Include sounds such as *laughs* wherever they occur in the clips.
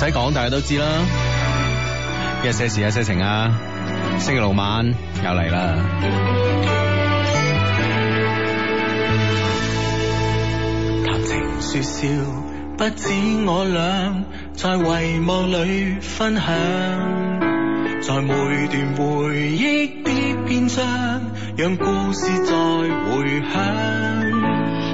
唔使講，大家都知啦。一些事，一些情啊，星期六晚又嚟啦。談情說笑，不止我倆，在遺忘裏分享，在每段回憶的篇章，讓故事再回響。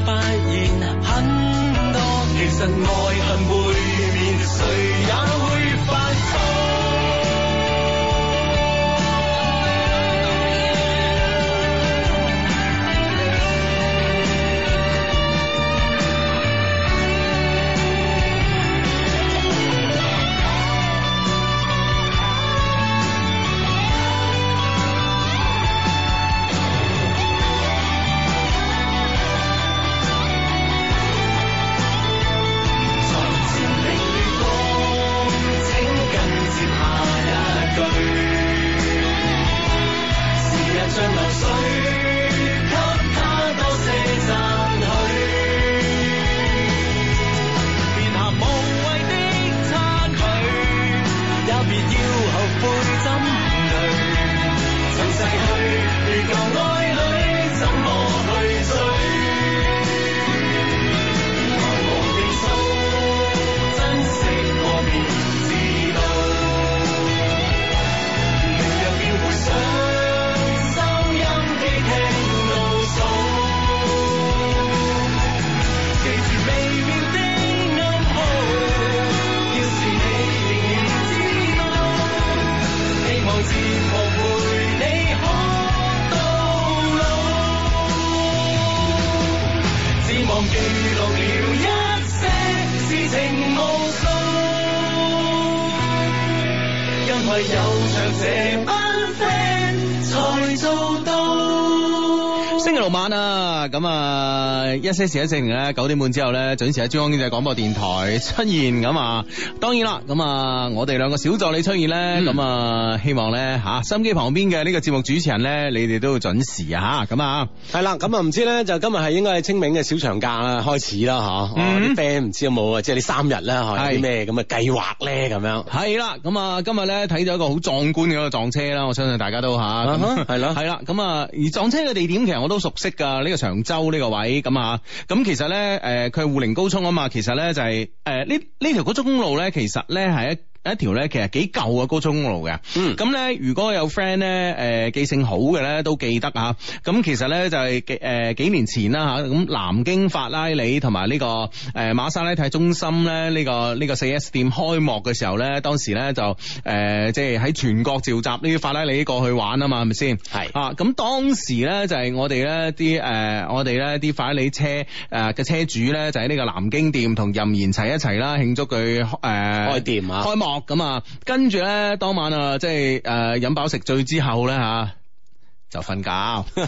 發現很多，其實愛恨背面，誰 *noise* 也。些時喺星期咧九點半之後咧，準時喺珠江經濟廣播電台出現咁啊！當然啦，咁啊，我哋兩個小助理出現咧，咁啊、嗯，希望咧嚇、啊、心機旁邊嘅呢個節目主持人咧，你哋都要準時啊嚇咁啊！係啦，咁啊唔知咧，就今日係應該係清明嘅小長假啦開始啦嚇，啲 friend 唔知有冇啊？哦、有有即係你三日啦嚇，咩咁嘅計劃咧咁樣？係啦，咁、嗯、啊今日咧睇咗一個好壯觀嘅一個撞車啦，我相信大家都嚇係咯，係、啊、啦，咁啊 *laughs* 而撞車嘅地點其實我都熟悉㗎，呢、呢個長洲呢個位咁啊。咁其實咧，誒，佢係滬寧高速啊嘛，其實咧就係誒，呢呢條高速公路咧，其實咧係、就是呃、一。一條咧其實幾舊嘅高速公路嘅，嗯，咁咧，如果有 friend 咧，誒記性好嘅咧都記得吓，咁其實咧就係誒，幾年前啦吓，咁南京法拉利同埋呢個誒，馬莎拉蒂中心咧呢個呢個四 S 店開幕嘅時候咧，當時咧就誒，即係喺全國召集呢啲法拉利過去玩啊嘛，係咪先？係啊是！咁當時咧就係我哋咧啲誒，我哋咧啲法拉利車誒嘅車主咧就喺呢個南京店同任賢齊一齊啦，慶祝佢誒開店啊開幕。咁啊、嗯，跟住咧，當晚啊，即係誒，飲、呃、飽食醉之後咧，吓、啊。就瞓覺，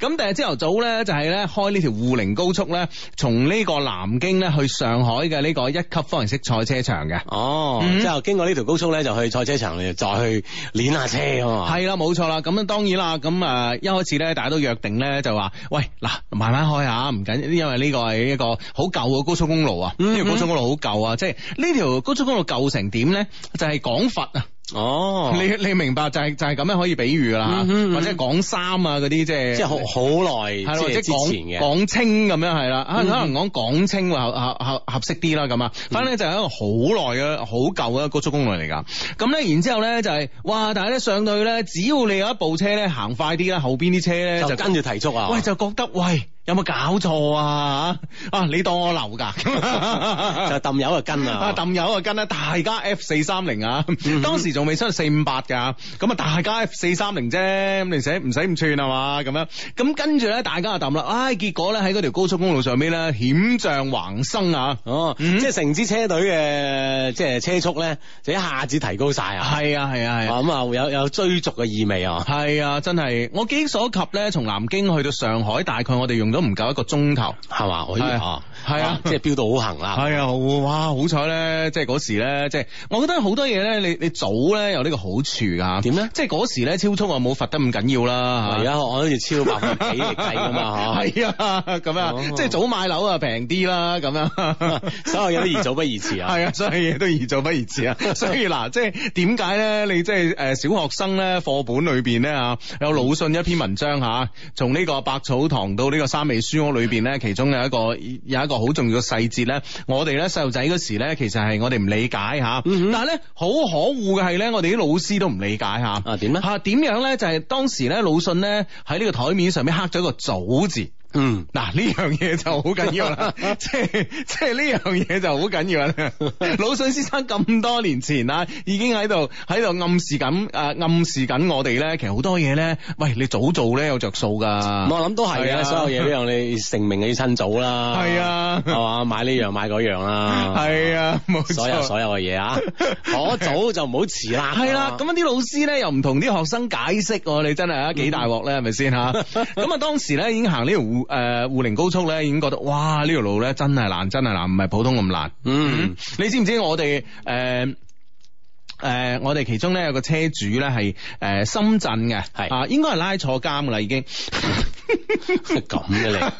咁第日朝頭早咧就係、是、咧開呢條滬寧高速咧，從呢個南京咧去上海嘅呢個一級方程式賽車場嘅。哦，之後、嗯、經過呢條高速咧就去賽車場，再去練下車。係啦、嗯，冇錯啦。咁啊，當然啦。咁啊，一開始咧大家都約定咧就話，喂，嗱，慢慢開下，唔緊，因為呢個係一個好舊嘅高速公路啊。呢條、嗯嗯、高速公路好舊啊，嗯、即係呢條高速公路舊成點咧，就係廣佛啊。哦，oh. 你你明白就係、是、就係、是、咁樣可以比喻啦，mm hmm. 或者廣三啊嗰啲即係即係好好耐，即係些吧之前嘅廣清咁樣係啦，mm hmm. 可能講廣清合合合合適啲啦咁啊，反正就係一個好耐嘅好舊嘅一個高速公路嚟噶，咁咧然之後咧就係、是、哇，但係咧上到去咧，只要你有一部車咧行快啲啦，後邊啲車咧就跟住提速啊，就喂就覺得喂。有冇搞錯啊？啊，你當我流噶， *laughs* *laughs* 就抌油啊跟啊，抌油啊跟啊，大家 F 四三零啊，當時仲未出到四五八噶，咁啊大家 F 四三零啫，咁而且唔使唔串係嘛，咁樣，咁跟住咧大家就抌啦，唉，結果咧喺嗰條高速公路上面咧險象橫生啊，哦、啊嗯，即係成支車隊嘅即係車速咧就一下子提高晒啊，係啊係啊係，咁啊，啊有有，有追逐嘅意味啊，係啊真係，我記憶所及咧，從南京去到上海大概我哋用咗，都唔夠一個鐘頭，係嘛吧？可以是啊。係啊，即係飆到好行啦！係啊，哇，好彩咧，即係嗰時咧，即係我覺得好多嘢咧，你你早咧有呢個好處啊。點咧？即係嗰時咧超速啊冇罰得咁緊要啦，係啊，我諗住超百分幾嚟計咁嘛，係啊，咁樣即係早買樓啊平啲啦，咁樣所有嘢都宜早不宜遲啊，係啊，所有嘢都宜早不宜遲啊，所以嗱，即係點解咧？你即係誒小學生咧課本裏邊咧啊有魯迅一篇文章吓，從呢個百草堂到呢個三味書屋裏邊咧，其中有一個有一個好重要嘅細節咧，我哋咧細路仔嗰時咧，其實係我哋唔理解吓，嗯、哼但係咧好可惡嘅係咧，我哋啲老師都唔理解吓。啊，點咧？吓點、啊、樣咧？就係、是、當時咧，魯迅咧喺呢個台面上面刻咗一個“早”字。嗯，嗱呢樣嘢就好緊要啦，即係即係呢樣嘢就好緊要啦。魯迅先生咁多年前啦，已經喺度喺度暗示緊誒，暗示緊我哋咧。其實好多嘢咧，喂，你早做咧有着數噶。我諗都係嘅，所有嘢都要你成名起身早啦。係啊，係嘛，買呢樣買嗰樣啦。係啊，所有所有嘅嘢啊，我早就唔好遲啦。係啦，咁啲老師咧又唔同啲學生解釋，你真係啊幾大鑊咧，係咪先吓？咁啊當時咧已經行呢條。誒，滬寧、呃、高速咧已經覺得，哇！呢條路咧真係難，真係難，唔係普通咁難。嗯，嗯，你知唔知我哋誒？呃誒，我哋其中咧有個車主咧係誒深圳嘅，係啊，應該係拉坐監噶啦，已經。咁嘅嚟，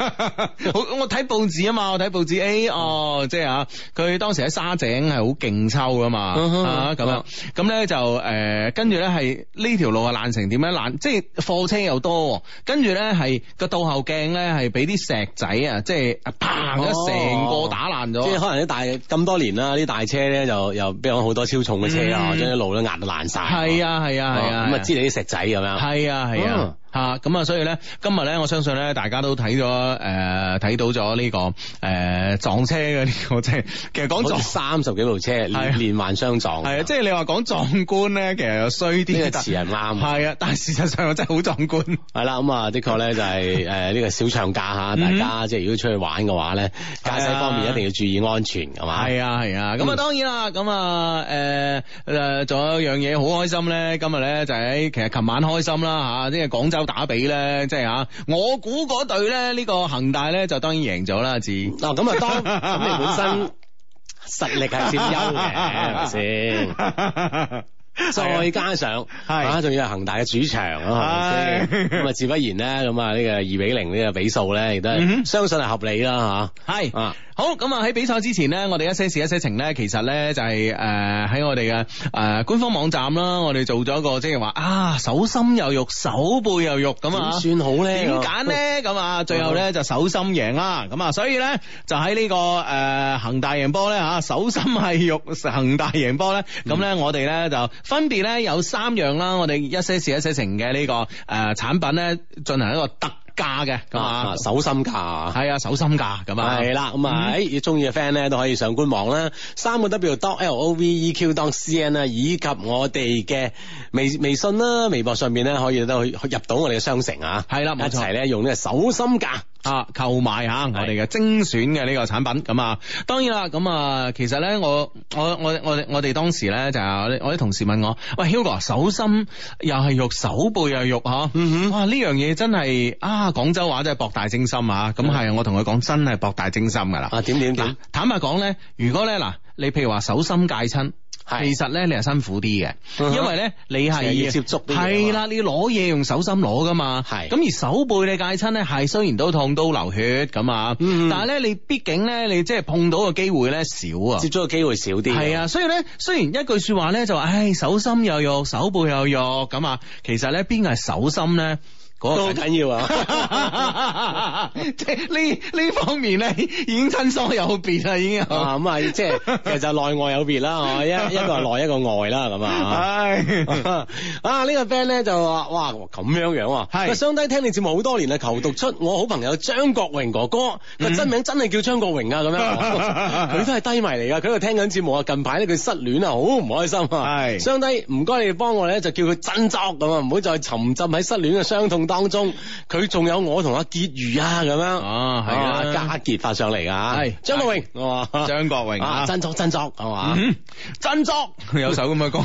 我睇報紙啊嘛，我睇報紙，A 哦，即係啊，佢當時喺沙井係好勁抽噶嘛，咁樣，咁咧就誒跟住咧係呢條路係爛成點樣，爛即係貨車又多，跟住咧係個倒後鏡咧係俾啲石仔啊，即係砰，而成個打爛咗。即係可能啲大咁多年啦，啲大車咧就又俾我好多超重嘅車啊。將啲、哦、路都壓到爛晒，係啊係啊係啊，咁啊，知你啲石仔咁樣，係啊係啊。哦吓咁啊！所以咧，今日咧，我相信咧，大家都睇咗，誒、呃，睇到咗呢、這個誒、呃、撞車嘅呢個即係，其實講撞 *noise* 三十幾部車是、啊、連連環相撞，係啊，啊是啊即係你話講壯觀咧，其實又衰啲，呢個詞人啱，係啊但，但事實上我真係好壯觀。係啦、嗯嗯嗯嗯，咁 *noise* 啊，的確咧就係誒呢個小長假吓，大家即係如果出去玩嘅話咧，駕駛方面一定要注意安全，係嘛？的、啊，係啊係啊，咁啊當然啦，咁啊誒誒，仲有一樣嘢好開心咧，今日咧就係其實琴晚開心啦吓，即係廣州。打比咧，即係吓，我估嗰隊咧呢個恒大咧就當然贏咗啦，至嗱咁啊當咁你本身實力係佔優嘅，係咪先？再加上係啊，仲要係恒大嘅主場啊，係咪先？咁啊，自不然啦，咁啊呢個二比零呢個比數咧，亦都係 *laughs* 相信係合理啦，吓係啊。 *laughs* 啊好咁啊！喺比賽之前呢，我哋一些事一些情呢，其實呢就係誒喺我哋嘅誒官方網站啦，我哋做咗一個即係話啊手心又肉，手背又肉咁啊，點算好咧？點揀呢？咁啊，哦、最後呢就手心贏啦。咁啊、哦，所以呢就喺呢、這個誒恒、呃、大贏波呢。吓、啊，手心係肉，恒大贏波呢。咁呢、嗯，我哋呢就分別呢有三樣啦，我哋一些事一些情嘅呢、這個誒、呃、產品呢，進行一個特。價嘅咁啊，手心價係啊，手心價咁樣啊，係啦、嗯，咁啊，誒、啊，中意嘅 friend 咧都可以上官網啦，三個 w dot l o v e q dot c n 啊，以及我哋嘅微微信啦，微博上面咧可以都可以入到我哋嘅商城啊，係啦，冇錯，一齊咧用呢個手心價。啊，購買吓、啊，我哋嘅是精選嘅呢個產品，咁啊，當然啦，咁啊，其實咧，我我我我我哋當時咧就我啲同事問我，喂，Hugo，手心又係肉，手背又係肉，嗬、啊，嗯、哼哇，呢樣嘢真係啊，廣州話真係博大精深啊，咁係，我同佢講真係博大精深㗎啦，啊，點點點，坦白講咧，如果咧嗱、啊，你譬如話手心戒親。是其實咧你係辛苦啲嘅，uh huh. 因為咧你係要接觸，係啦，你攞嘢用手心攞噶嘛，係是。咁而手背你戒親咧係雖然都痛到流血咁啊，嗯、但係咧你畢竟咧你即係碰到嘅機會咧少啊，接觸嘅機會少啲。係啊，所以咧雖然一句話呢說話咧就話，唉，手心又肉，手背又肉咁啊，其實咧邊個係手心咧？嗰個最緊要 *laughs* *laughs* 啊！即係呢呢方面咧已經親疏有別啦，已經咁啊，即係其實就內外有別啦，一一個係內，一個，一個外啦，咁 *laughs* 啊。係、這個、啊，呢個 friend 咧就話：哇咁樣樣啊！個雙低聽你節目好多年啊，求讀出我好朋友張國榮哥哥個真名，真係叫張國榮啊！咁樣佢都係低迷嚟噶，佢聽緊節目啊，近排咧佢失戀啊，好唔開心。係雙低，唔該你幫我咧，就叫佢振作咁啊，唔好再沉浸喺失戀嘅傷痛。當中佢仲有我同阿杰如啊，咁樣啊，係啊，加杰發上嚟噶，係張國榮，哇、嗯，張國榮，振作振作，係嘛，振作，嗯、振作有首咁嘅歌，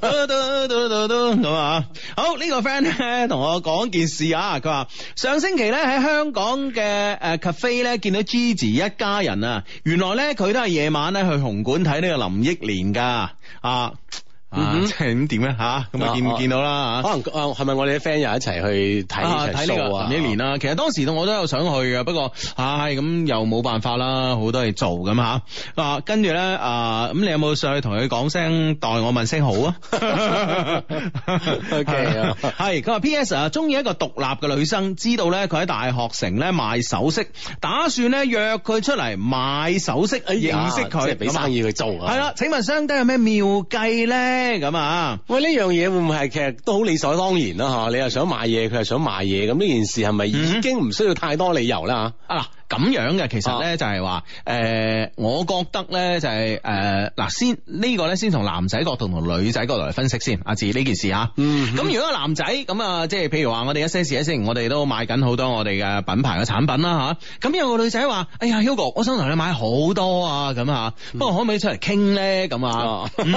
咁 *laughs* *laughs* 啊，好呢、呢個 friend 咧同我講件事啊，佢話上星期咧喺香港嘅誒 cafe 咧見到 Gigi 一家人啊，原來咧佢都係夜晚咧去紅館睇呢個林憶蓮噶，啊。嗯，即係咁點咧吓，咁啊見唔見到啦吓？可能啊，係咪我哋啲 friend 又一齊去睇睇呢個一年啦？其實當時我都有想去啊，不過唉，咁又冇辦法啦，好多嘢做咁吓。嗱，跟住咧啊，咁你有冇上去同佢講聲代我問聲好啊？OK 啊，係佢話 P.S. 啊，中意一個獨立嘅女生，知道咧佢喺大學城咧賣首飾，打算咧約佢出嚟買首飾，認識佢，即係俾生意佢做。係啦，請問相低有咩妙計咧？咁啊，喂，呢樣嘢會唔會係其實都好理所當然啦吓、啊？你又想買嘢，佢又想買嘢，咁呢件事係咪已經唔需要太多理由啦吓？嗯哼啊。咁樣嘅，其實咧就係話，誒、啊呃，我覺得咧就係、是，誒，嗱，先呢、這個咧先從男仔角度同女仔角度嚟分析先，阿志呢件事吓。啊、嗯哼。咁如果男仔，咁啊，即係譬如話我哋一些時一雖我哋都買緊好多我哋嘅品牌嘅產品啦吓，咁有個女仔話，哎呀，Hugo，我想同你買好多啊，咁啊，不過可唔可以出嚟傾咧？咁啊？嗯，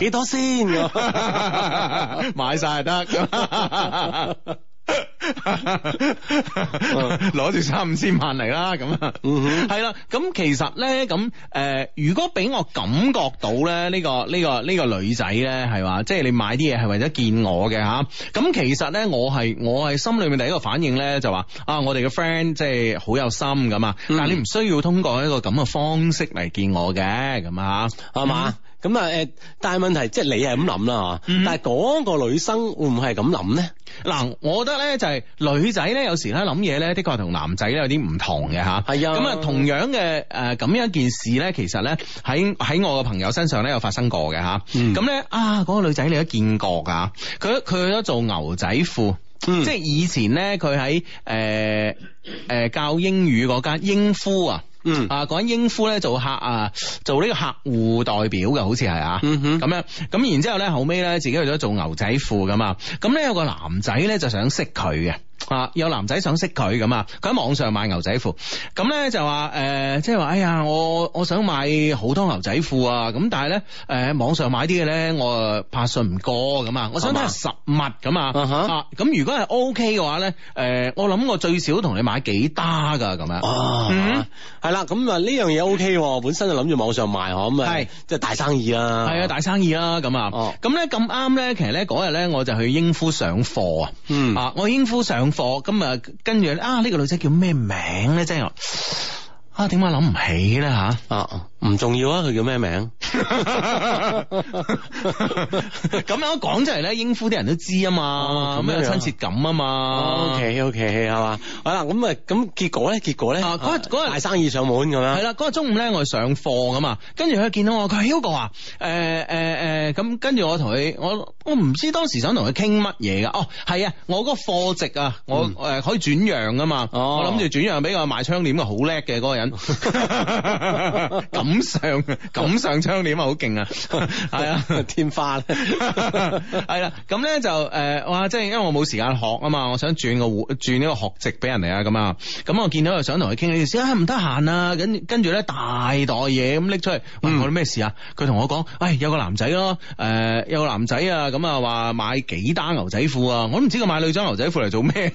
幾 *laughs* *laughs* 多先少？ *laughs* 買晒就得。 *laughs* 攞 *laughs* 住三五千萬嚟啦，咁係啦。咁、uh huh. 其實咧，咁誒、呃，如果俾我感覺到咧、這個，呢、這個呢個呢個女仔咧，係話，即、就、係、是、你買啲嘢係為咗見我嘅吓。咁、uh huh. 其實咧，我係我係心裏面第一個反應咧，就話啊，我哋嘅 friend 即係好有心咁啊。Uh huh. 但係你唔需要通過一個咁嘅方式嚟見我嘅，咁啊，係嘛、uh？Huh. 咁啊，誒，但係問題即係你係咁諗啦，嗯、但係嗰個女生會唔會係咁諗呢？嗱，我覺得呢就係女仔呢，有時呢諗嘢呢，的確係同男仔呢有啲唔同嘅吓。係啊。咁啊，同樣嘅誒咁樣一件事呢，其實呢喺喺我嘅朋友身上呢有發生過嘅吓。咁呢、嗯、啊，嗰、嗰個女仔你都見過噶，佢佢去咗做牛仔褲，嗯、即係以前呢，佢喺誒誒教英語嗰間英夫啊。嗯，啊，講英夫咧做客啊，做呢個客戶代表嘅，好似係啊，嗯哼，咁樣，咁然之後咧，後尾咧自己去咗做牛仔褲咁啊，咁咧有個男仔咧就想識佢嘅。啊！有男仔想識佢咁啊，佢喺網上買牛仔褲，咁咧就話誒，即係話哎呀，我我想買好多牛仔褲啊，咁但係咧誒，網上買啲嘢咧，我怕信唔過咁啊，我想睇下實物咁嗎啊，咁、啊、如果係 O K 嘅話咧，誒、呃，我諗我最少同你買幾打噶咁樣啊，係啦、嗯哼，咁啊呢樣嘢 O K，本身就諗住網上賣咁啊，係即係大生意啊，係是啊，啊，大生意啊。咁啊，咁咧咁啱咧，其實咧嗰日咧我就去英夫上課啊，啊，我英夫上。咁啊，跟住啊，呢個女仔叫咩名咧？真係。啊，點解諗唔起咧吓？唔、啊、重要啊，佢叫咩名？咁 *laughs* *laughs* 樣講出嚟咧，英夫啲人都知啊嘛，咁、哦、樣有親切感啊嘛。O K O K，係嘛？好啦，咁啊，咁結果咧，結果咧，嗰日大生意上門咁、啊、啦。係啦，嗰日中午咧，我上課噶嘛，跟住佢見到我，佢 Hugo 啊，誒誒誒，咁、啊啊啊、跟住我同佢，我我唔知當時想同佢傾乜嘢噶。哦、啊，係啊，我嗰個貨值啊，我誒可以轉讓噶嘛，嗯、我諗住轉讓俾個賣窗簾嘅好叻嘅嗰個人。感上感上窗簾啊，好勁啊，係啊，天花係啦，咁咧就誒，哇，即係因為我冇時間學啊嘛，我想轉個轉呢個學籍俾人嚟啊，咁啊，咁我見到又想同佢傾呢件事，唔得閒啊，跟跟住咧大袋嘢咁拎出嚟，問我咩事啊？佢同我講，唉，有個男仔咯，誒，有個男仔啊，咁啊話買幾打牛仔褲啊，我唔知佢買女裝牛仔褲嚟做咩，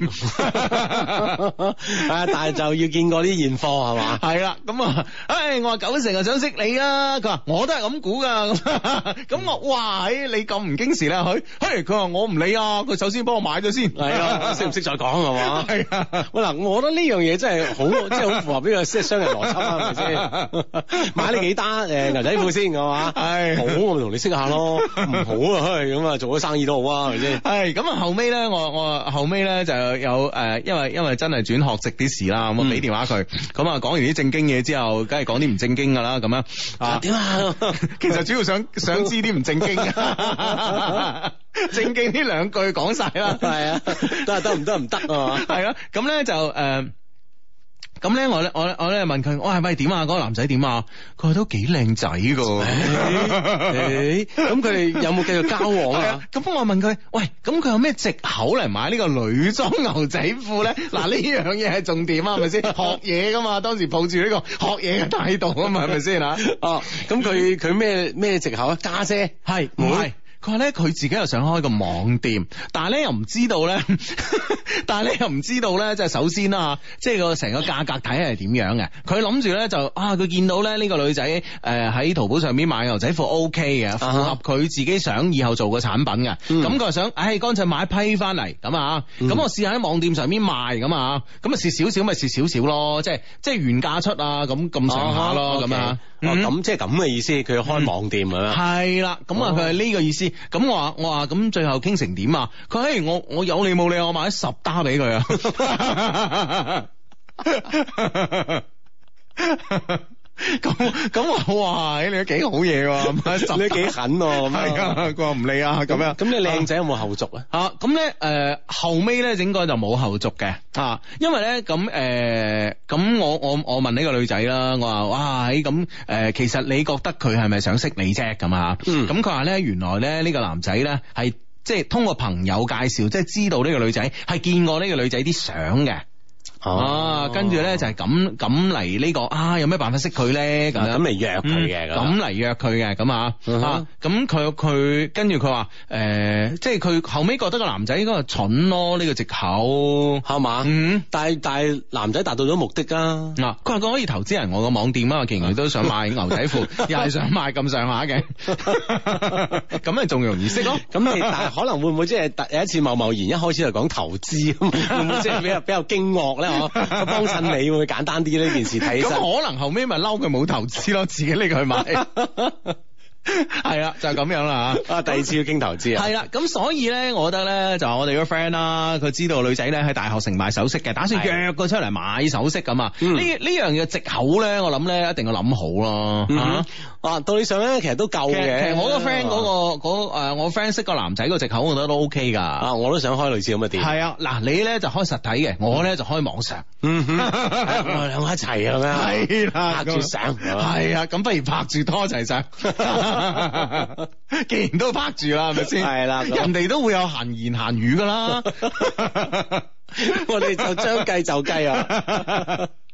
啊，但係就要見過啲現貨係嘛？係啦，咁啊，唉、 *music* 嗯，我話九成啊想識你啊，佢話 *music* 我都係咁估噶，咁我哇，你咁唔矜持咧佢，嘿，佢話我唔理啊，佢首先幫我買咗先，係啊了，識唔識再講係嘛？係嗱， *music* 我覺得呢樣嘢真係好，即係好符合呢個商人邏輯啦，係咪先？買你幾單誒牛仔褲先係嘛？係 *music* *music* 好，我咪同你識下咯，唔好啊，嘿、哎，咁啊做咗生意都好啊，係咪先？係咁啊，後尾咧，我我後尾咧就有誒，因為因為真係轉學籍啲事啦，咁啊俾電話佢，咁啊講完。啲正經嘢之後，梗係講啲唔正經噶啦，咁樣啊點啊？ *laughs* 其實主要想想知啲唔正經， *laughs* 正經呢，兩句講晒啦，係啊，都係得唔得唔得啊？係 *laughs* 咯、啊，咁咧就誒。呃咁咧，um, 我咧，我咧，我咧問佢，我係咪點啊？嗰個男仔點啊？佢話都幾靚仔噶。咁佢哋有冇繼續交往啊？咁 *laughs* 我問佢，喂，咁佢有咩藉口嚟買呢個女裝牛仔褲咧？嗱，呢樣嘢係重點啊，係咪先？學嘢噶嘛，當時抱住呢個學嘢嘅態度啊嘛，係咪先啊？哦，咁佢佢咩咩藉口啊？家姐係唔係？佢咧，佢自己又想開個網店，但係咧又唔知道咧， *laughs* 但係咧又唔知道咧，即係首先啦，即係個成個價格睇係點樣嘅。佢諗住咧就啊，佢見到咧呢個女仔誒喺淘寶上面買牛仔褲 OK 嘅，符合佢自己想以後做嘅產品嘅。咁佢、uh huh. 想，唉、哎，乾脆買一批翻嚟咁啊，咁、uh huh. 我試下喺網店上面賣咁啊，咁蝕少少咪蝕少少咯，即係即係原價出啊，咁咁上下咯咁啊。Uh huh. 嗯、哦，咁即係咁嘅意思，佢要開網店咁、嗯、樣。係啦、哦，咁啊，佢係呢個意思。咁我話，我話，咁最後傾成點啊？佢話誒我我有理冇理，理我買咗十打俾佢。啊。 *laughs* *laughs* *laughs* 咁咁我話你都幾好嘢喎，你幾 *laughs* 狠喎咁 *laughs* 樣，佢話唔理啊咁樣。咁你靚仔有冇後續咧？吓咁咧誒後尾咧應該就冇後續嘅吓，啊、因為咧咁誒咁我我我問呢個女仔啦，我話哇咁誒其實你覺得佢係咪想識你啫咁啊？咁佢話咧原來咧呢個男仔咧係即係通過朋友介紹，即係知道呢個女仔係見過呢個女仔啲相嘅。啊，跟住咧就係咁咁嚟呢個啊，有咩辦法識佢咧咁咁嚟約佢嘅，咁嚟約佢嘅咁啊，啊咁佢佢跟住佢話誒，即係佢後尾覺得個男仔應該係蠢咯，呢個藉口係嘛？嗯，但係但係男仔達到咗目的啊！嗱，佢話佢可以投資人我個網店啊嘛，我既然都想買牛仔褲，又係想買咁上下嘅，咁咪仲容易識咯？咁但係可能會唔會即係第一次貿貿然一開始就講投資咁，會唔會即係比較比較驚愕咧？幫 *laughs* 襯 *laughs* 你會簡單啲呢件事睇起身， *laughs* 可能後尾咪嬲佢冇投資咯，自己拎佢去買。 *laughs* *laughs* 係啦， *laughs* 就係、是、咁樣啦啊，第二次要傾投資啊。係啦， *laughs* 咁所以咧，我覺得咧就我哋嗰 friend 啦，佢知道女仔咧喺大學城買首飾嘅，打算約佢出嚟買首飾咁啊。嗯、呢呢樣嘢藉口咧，我諗咧一定要諗好咯。嗯、哼啊，道理上咧其實都夠嘅。其實我、個 friend 嗰個誒，我 friend 識個男仔個藉口，我覺得都 OK 噶。啊，我都想開類似咁嘅店。係 *laughs* 啊，嗱，你咧就開實體嘅，我咧就開網上。嗯哼，兩 *laughs* 個、 *laughs* 哎、一齊咁樣。係啦，拍住上，係 *laughs* 啊，咁不如拍住拖一齊上。 *laughs* *laughs* 既然都拍住啦，係咪先？係啦 *laughs* 的，人哋都會有閒言閒語噶啦。 *laughs* *laughs* *laughs* 我哋就將計就計啊！ *laughs*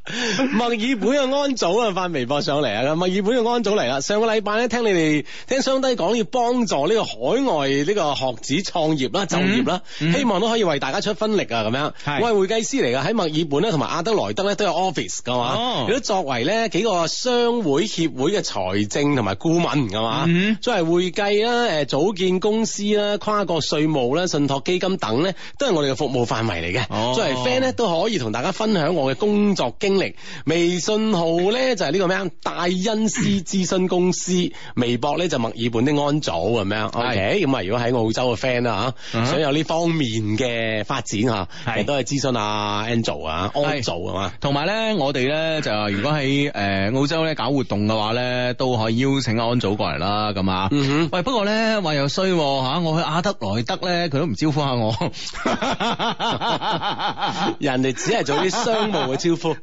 墨 *laughs* 爾本嘅安祖啊，發微博上嚟啊，墨爾本嘅安祖嚟啦。上個禮拜咧，聽你哋聽雙低講要幫助呢個海外呢個學子創業啦、就業啦，嗯、希望都可以為大家出分力啊。咁樣，是我係會計師嚟噶，喺墨爾本咧同埋阿德萊德咧都有 office 噶嘛。如果、哦、作為呢幾個商會協會嘅財政同埋顧問噶嘛。嗯、作為會計啦、誒組建公司啦、跨國稅務啦、信託基金等呢，都係我哋嘅服務範圍嚟嘅。哦、作為 fan 咧，都可以同大家分享我嘅工作經驗。經歷，微信號咧就係呢個咩啊？大恩師諮詢公司， *laughs* 微博咧就墨爾本的安祖咁樣。O K，咁啊，如果喺澳洲嘅 friend 啦吓，想有呢方面嘅發展吓，都係諮詢阿 Angel 啊安祖嘛。同埋咧，我哋咧就如果喺誒澳洲咧搞活動嘅話咧，都可以邀請阿安祖過嚟啦。咁啊、嗯哼，喂，不過咧話又衰吓，我去阿德萊德咧，佢都唔招呼下我。 *laughs* *laughs* *laughs* 人哋只係做啲商務嘅招呼。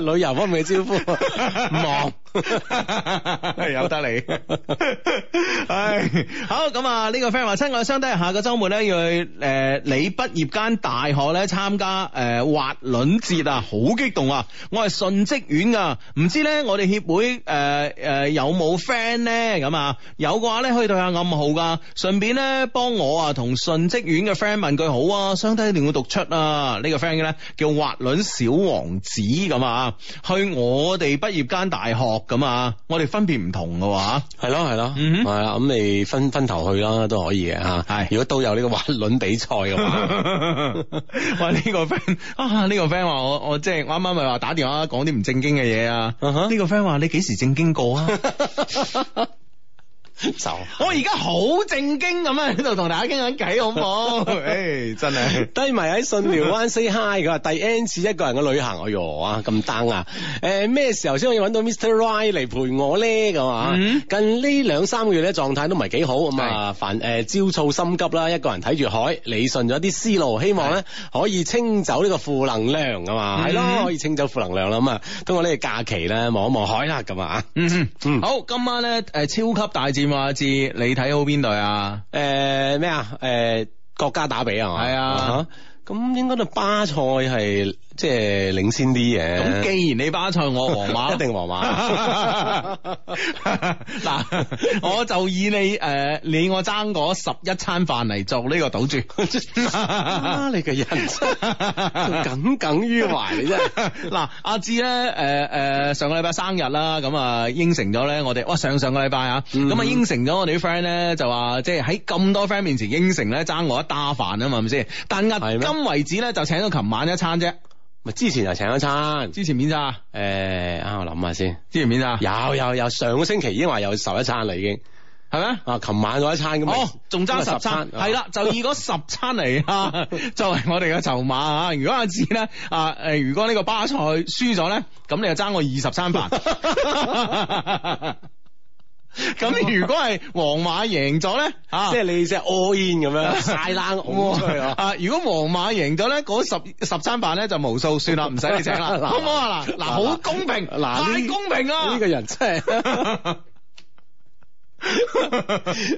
旅遊方面嘅招呼，忙。 *laughs* 有得你， *laughs* 唉，好咁啊！呢、這個 friend 話，親愛相雙，下個周末咧要去誒、呃，你畢業間大學咧參加誒、呃、滑輪節啊，好激動啊！我係信職院噶，唔知咧我哋協會誒誒、呃呃、有冇 friend 咧？咁啊有嘅話咧，可以對下暗號噶，順便咧幫我啊同信職院嘅 friend 問句好啊，相一定要我讀出啊！這個、呢個 friend 嘅咧叫滑輪小王子咁啊，去我哋畢業間大學。咁啊，我哋分別唔同嘅話，係咯係咯，係啊，咁你分分，分頭去啦都可以嘅嚇。係的，如果都有呢個滑輪比賽嘅話，話呢、 *laughs* *laughs* 呢個 friend 啊，呢、呢個 friend 話我我即係啱啱咪話打電話講啲唔正經嘅嘢啊。呢、uh huh? 個 friend 話你幾時正經過啊？ *laughs* 就我而家好正經咁啊，喺度同大家傾緊偈，好唔好？誒，真係低迷喺信寮灣 say hi，佢第 n 次一個人嘅旅行，哎喲啊，咁 down 啊！誒，咩時候先可以搵到 Mr. Ryan 嚟陪我咧？咁啊，近呢兩三個月咧狀態都唔係幾好，咁啊，煩誒焦躁，心急啦，一個人睇住海，理順咗啲思路，希望咧可以清走呢個負能量啊嘛，係咯，可以清走負能量啦咁啊，通過呢個假期咧望一望海啦咁啊，好，今晚咧誒超級大戰。阿志，你睇好邊隊啊？誒咩啊？誒、呃，國家打比啊？係啊，咁 *laughs* 應該都巴塞係。即係領先啲嘢，咁，既然你巴塞我皇馬， *laughs* 一定皇馬嗱， *laughs* *laughs* 我就以你誒、uh, 你我爭嗰十一餐飯嚟做呢個賭注、 *laughs* 啊。你嘅人生 *laughs* 耿耿於懷啫嗱，阿志咧誒誒上個禮拜生日啦，咁啊應承咗咧我哋哇上上個禮拜啊，咁啊、嗯嗯、應承咗我哋啲 friend 咧就話即係喺咁多 friend 面前應承咧爭我一打飯啊嘛係咪先？但壓、啊、今為止咧就請咗琴晚一餐啫。之前就請一餐，之前面咋？誒、欸，啱我諗下先。之前面咋？有有有，上個星期已經話又十一餐啦，已經係咪？嗎啊，琴晚嗰一餐咁。哦，仲爭十餐，係啦，就以嗰十餐嚟作為我哋嘅籌碼啊！如果阿志咧啊誒，如果呢個巴塞輸咗咧，咁你就爭我二十餐飯。 *laughs* *laughs* 咁如果係皇馬贏咗咧，啊，即係你只 all in 咁樣晒冷，如果皇馬贏咗咧，嗰十十餐飯咧就無數算啦，唔使你請啦，好唔好啊？嗱，嗱，好公平嗱，太公平啊！呢個人真係。呢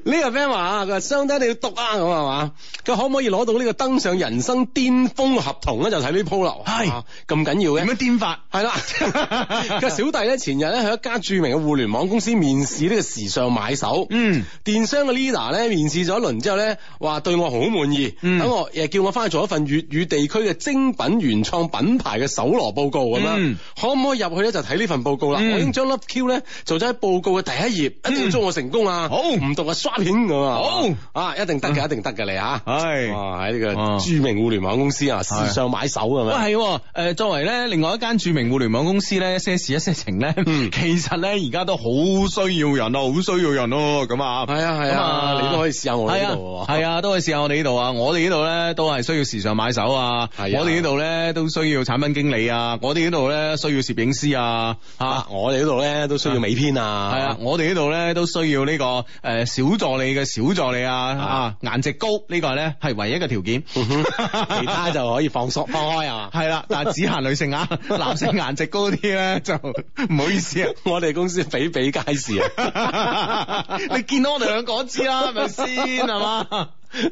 個 friend 話佢話相當你要讀啊，咁係嘛？佢可唔可以攞到呢個登上人生巔峰嘅合同咧？就睇呢鋪樓係咁緊要嘅。點樣巔法？係啦。佢小弟咧前日咧喺一家著名嘅互聯網公司面試呢個時尚買手，嗯，電商嘅 leader 咧面試咗一輪之後咧，話對我好滿意，等我誒叫我翻去做一份粵語地區嘅精品原創品牌嘅搜羅報告咁樣，可唔可以入去咧就睇呢份報告啦？我已經將 LoveQ 咧做咗喺報告嘅第一頁，一定祝我成工啊，好唔同啊，刷片咁啊，好啊，一定得嘅，一定得嘅你啊，係喺呢個著名互聯網公司啊，時尚買手啊嘛，係誒，作為咧另外一間著名互聯網公司咧，一些事一些情咧，其實咧而家都好需要人啊，好需要人咯，咁啊，係啊，係啊，咁啊，你都可以試下我呢度，係啊，都可以試下我哋呢度啊，我哋呢度咧都係需要時尚買手啊，我哋呢度咧都需要產品經理啊，我哋呢度咧需要攝影師啊，吓，我哋呢度咧都需要美編啊，係啊，我哋呢度咧都需要。叫呢、這個誒、呃、小助理嘅小助理啊，顏、啊、值高、這個、呢個咧係唯一嘅條件， *laughs* 其他就可以放鬆放開係嘛？係啦， *laughs* 但係只限女性啊，男 *laughs* 性顏值高啲咧就唔好意思啊，我哋公司比比皆是啊！ *laughs* 你見到我哋兩嗰支啦，係咪先係嘛？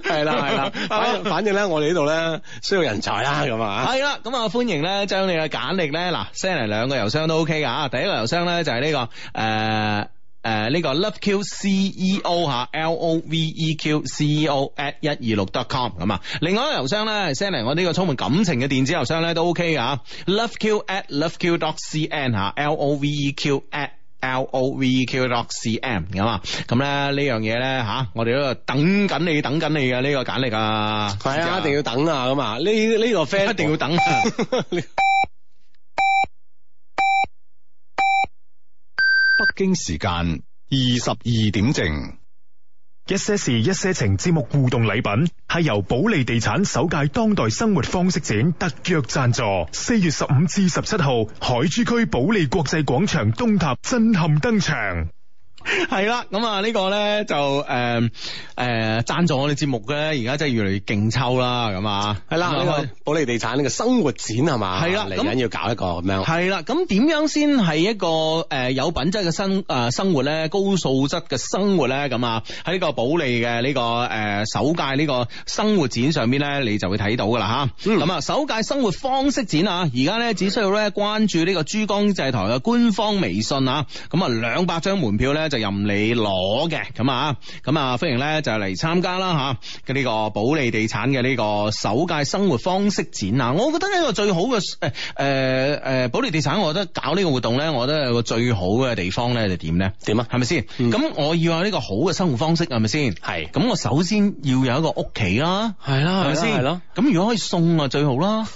係啦係啦，反正反正咧，我哋呢度咧需要人才啦，咁啊係啦，咁 *laughs* 啊歡迎咧將你嘅簡歷咧嗱 send 嚟兩個郵箱都 OK 噶啊，第一個郵箱咧就係呢、這個誒。呃呃呃誒，呢個 LoveQ CEO 吓，L O V E Q C E O at 一二六 dot com 咁啊。另外一個郵箱咧，send 嚟我呢個充滿感情嘅電子郵箱咧都 OK 噶。LoveQ at loveq dot cn 吓，L O V E Q at L O V E Q dot cn 咁啊。咁咧呢樣嘢咧吓，我哋喺度等緊你，等緊你嘅呢個簡歷啊。係啊，一定要等啊，咁啊，呢呢個 friend 一定要等。北京時間二十二點正，一些事一些情節目互動禮品係由保利地產首屆當代生活方式展特約贊助。四月十五至十七號，海珠區保利國際廣場東塔震撼登場。係 *laughs* 啦，咁啊呢個咧、呃、就誒誒贊助我哋節目嘅，而家真係越嚟越勁抽啦，咁啊係啦，呢個保利地產呢個生活展係嘛，係啦嚟緊要搞一個咁樣。係啦，咁點樣先係一個誒有品質嘅生誒、呃、生活咧？高素質嘅生活咧？咁啊喺呢個保利嘅呢、這個誒、呃、首屆呢個生活展上邊咧，你就會睇到噶啦吓。咁啊、嗯、首屆生活方式展啊，而家咧只需要咧關注呢個珠江濟台嘅官方微信啊，咁啊兩百張門票咧就。任你攞嘅。咁啊咁啊，歡迎咧就嚟參加啦吓，嘅呢個保利地產嘅呢個首屆生活方式展啊，我覺得呢個最好嘅誒誒誒，保利地產我覺得搞呢個活動咧，我覺得有個最好嘅地方咧就點咧？點嗎啊？係咪先？咁我要有呢個好嘅生活方式係咪先？係咁，嗯、我首先要有一個屋企啦，係啦、啊，係咪先？係咯、啊。咁、啊、如果可以送啊，最好啦。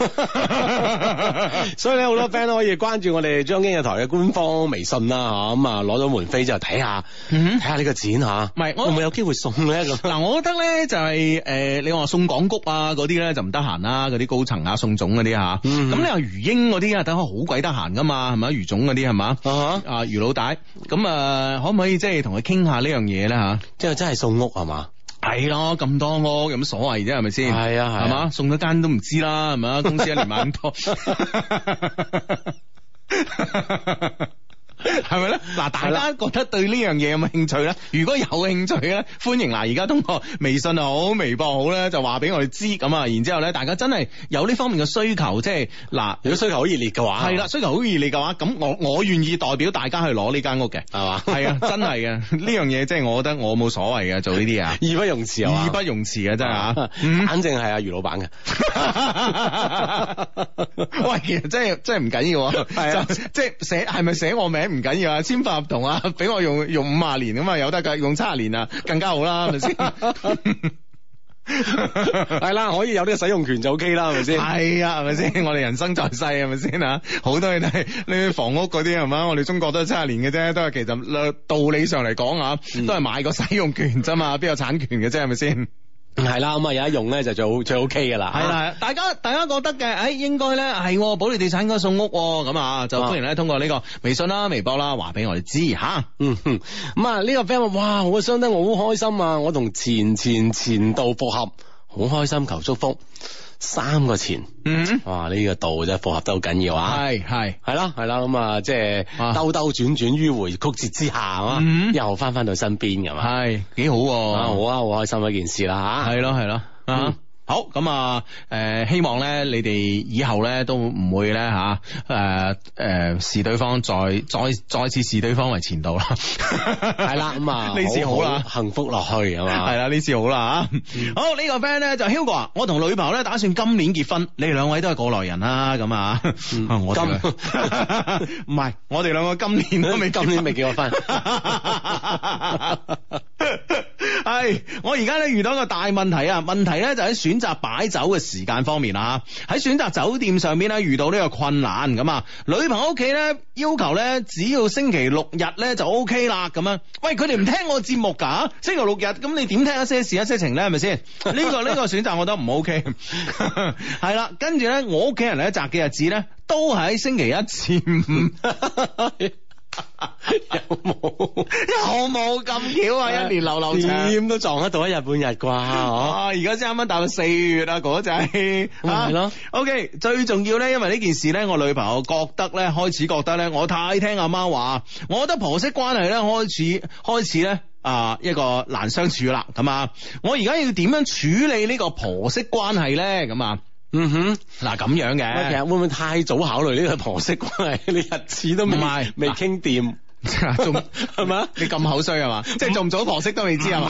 *laughs* *laughs* 所以咧，好多 friend 可以關注我哋珠江經濟台嘅官方微信啦，吓、嗯、咁啊，攞咗門飛之後睇下。睇下呢個展吓，唔係會唔會有機會送一個咧？嗱、 *laughs* 啊，我覺得咧就係、是、誒、呃，你話送港谷啊嗰啲咧就唔得閒啦，嗰啲高層啊送總嗰啲吓，咁你話魚英嗰啲啊，等佢好鬼得閒噶嘛，係咪？魚總嗰啲係嘛，啊，啊魚老大，咁啊可唔可以即係同佢傾下呢樣嘢咧吓？即係、嗯、真係送屋係嘛？係咯，咁多屋咁所謂啫？係咪先？係啊係嘛，送咗間都唔知啦，係咪啊？公司一年買咁多。 *laughs* *laughs* 係咪咧？嗱， *laughs* 大家覺得對呢樣嘢有冇興趣咧？如果有興趣咧，歡迎嗱，而家通過微信好、微博好咧，就話俾我哋知咁啊！然之後咧，大家真係有呢方面嘅需求，即係嗱，如果需求好熱烈嘅話，係啦的，的需求好熱烈嘅話，咁我我願意代表大家去攞呢間屋嘅，係嘛吧？係啊，真係嘅，呢樣嘢即係我覺得我冇所謂嘅，做呢啲啊，義 *laughs* 不容辭啊，義不容辭啊，真係啊，反正係阿余老闆嘅。 *laughs* *laughs* 喂，其實真係真係唔緊要，就，即係寫係咪寫我名？唔緊要啊，簽份合同啊，俾我用用五啊年咁嘛，有得計用七年啊，更加好啦，係咪先？係啦，可以有呢個使用權就 ok 啦，係咪先？係啊，係咪先？ *laughs* *laughs* 我哋人生在世係咪先啊？好多嘢都係，你哋房屋嗰啲係嘛？我哋中國都係七十年嘅啫，都係其實道理上嚟講啊，都係買個使用權咋嘛？邊有產權嘅啫，係咪先？係啦，咁啊有得用咧就最好最 OK 噶啦。係啦了，大家大家覺得嘅，哎、欸、應該咧係保利地產應該送屋，咁啊就歡迎咧通過呢個微信啦、微博啦，話俾我哋知吓、啊 *laughs* 嗯。嗯哼，咁啊呢個 friend 話哇，我傷得我好開心啊，我同前前前度復合，好開心求祝福。三個錢，嗯、哇！呢、這個度真係復合得好緊要啊，係係係啦係啦，咁、就是、啊即係兜兜轉轉迂回曲折之下，啊、嗯，又翻翻到身邊咁嘛。係幾是好啊，啊，好啊好開心一件事啦吓，係咯係咯啊。好咁啊！誒、呃，希望咧，你哋以後咧都唔會咧吓，誒、啊、誒、呃呃，視對方再再再次視對方為前度啦。係 *laughs* 啦，咁啊呢次好啦，幸福落去係嘛，係啦呢次好啦吓。好呢個 friend 咧就是、Hugo 啊，我同女朋友咧打算今年結婚，你哋兩位都係過來人啦、啊，咁、嗯、啊，我今唔係我哋兩個今年都未， *laughs* 今年未結過婚。 *laughs* 係，我而家咧遇到一個大問題啊！問題咧就喺選擇擺酒嘅時間方面啊。喺選擇酒店上面咧遇到呢個困難咁啊！女朋友屋企咧要求咧，只要星期六日咧就 O K 啦咁啊！喂，佢哋唔聽我節目噶，星期六日咁你點聽一些事、一些情咧？係咪先？呢個呢個選擇我覺得唔 O K，係啦。跟住咧，我屋企人嚟一集嘅日子咧，都係喺星期一至五。 *laughs* *laughs* 有冇沒有？ *laughs* 有冇咁巧啊？ *laughs* 一年流流長，點都撞得到一日半日啩？哦、 *laughs* 啊，而家先啱啱大到四月啊，古仔係咯。OK，最重要咧，因為呢件事咧，我女朋友覺得咧，開始覺得咧，我太聽阿媽話，我覺得婆媳關係咧，開始開始咧啊，一個難相處啦。咁啊，我而家要點樣處理呢個婆媳關係咧？咁啊？嗯哼，嗱、啊、咁樣嘅，其實會唔會太早考慮呢個婆媳關係？ *laughs* 你日子都未，未傾掂。即係做係嘛？你咁口衰係嘛？即係做唔做婆媳都未知係嘛？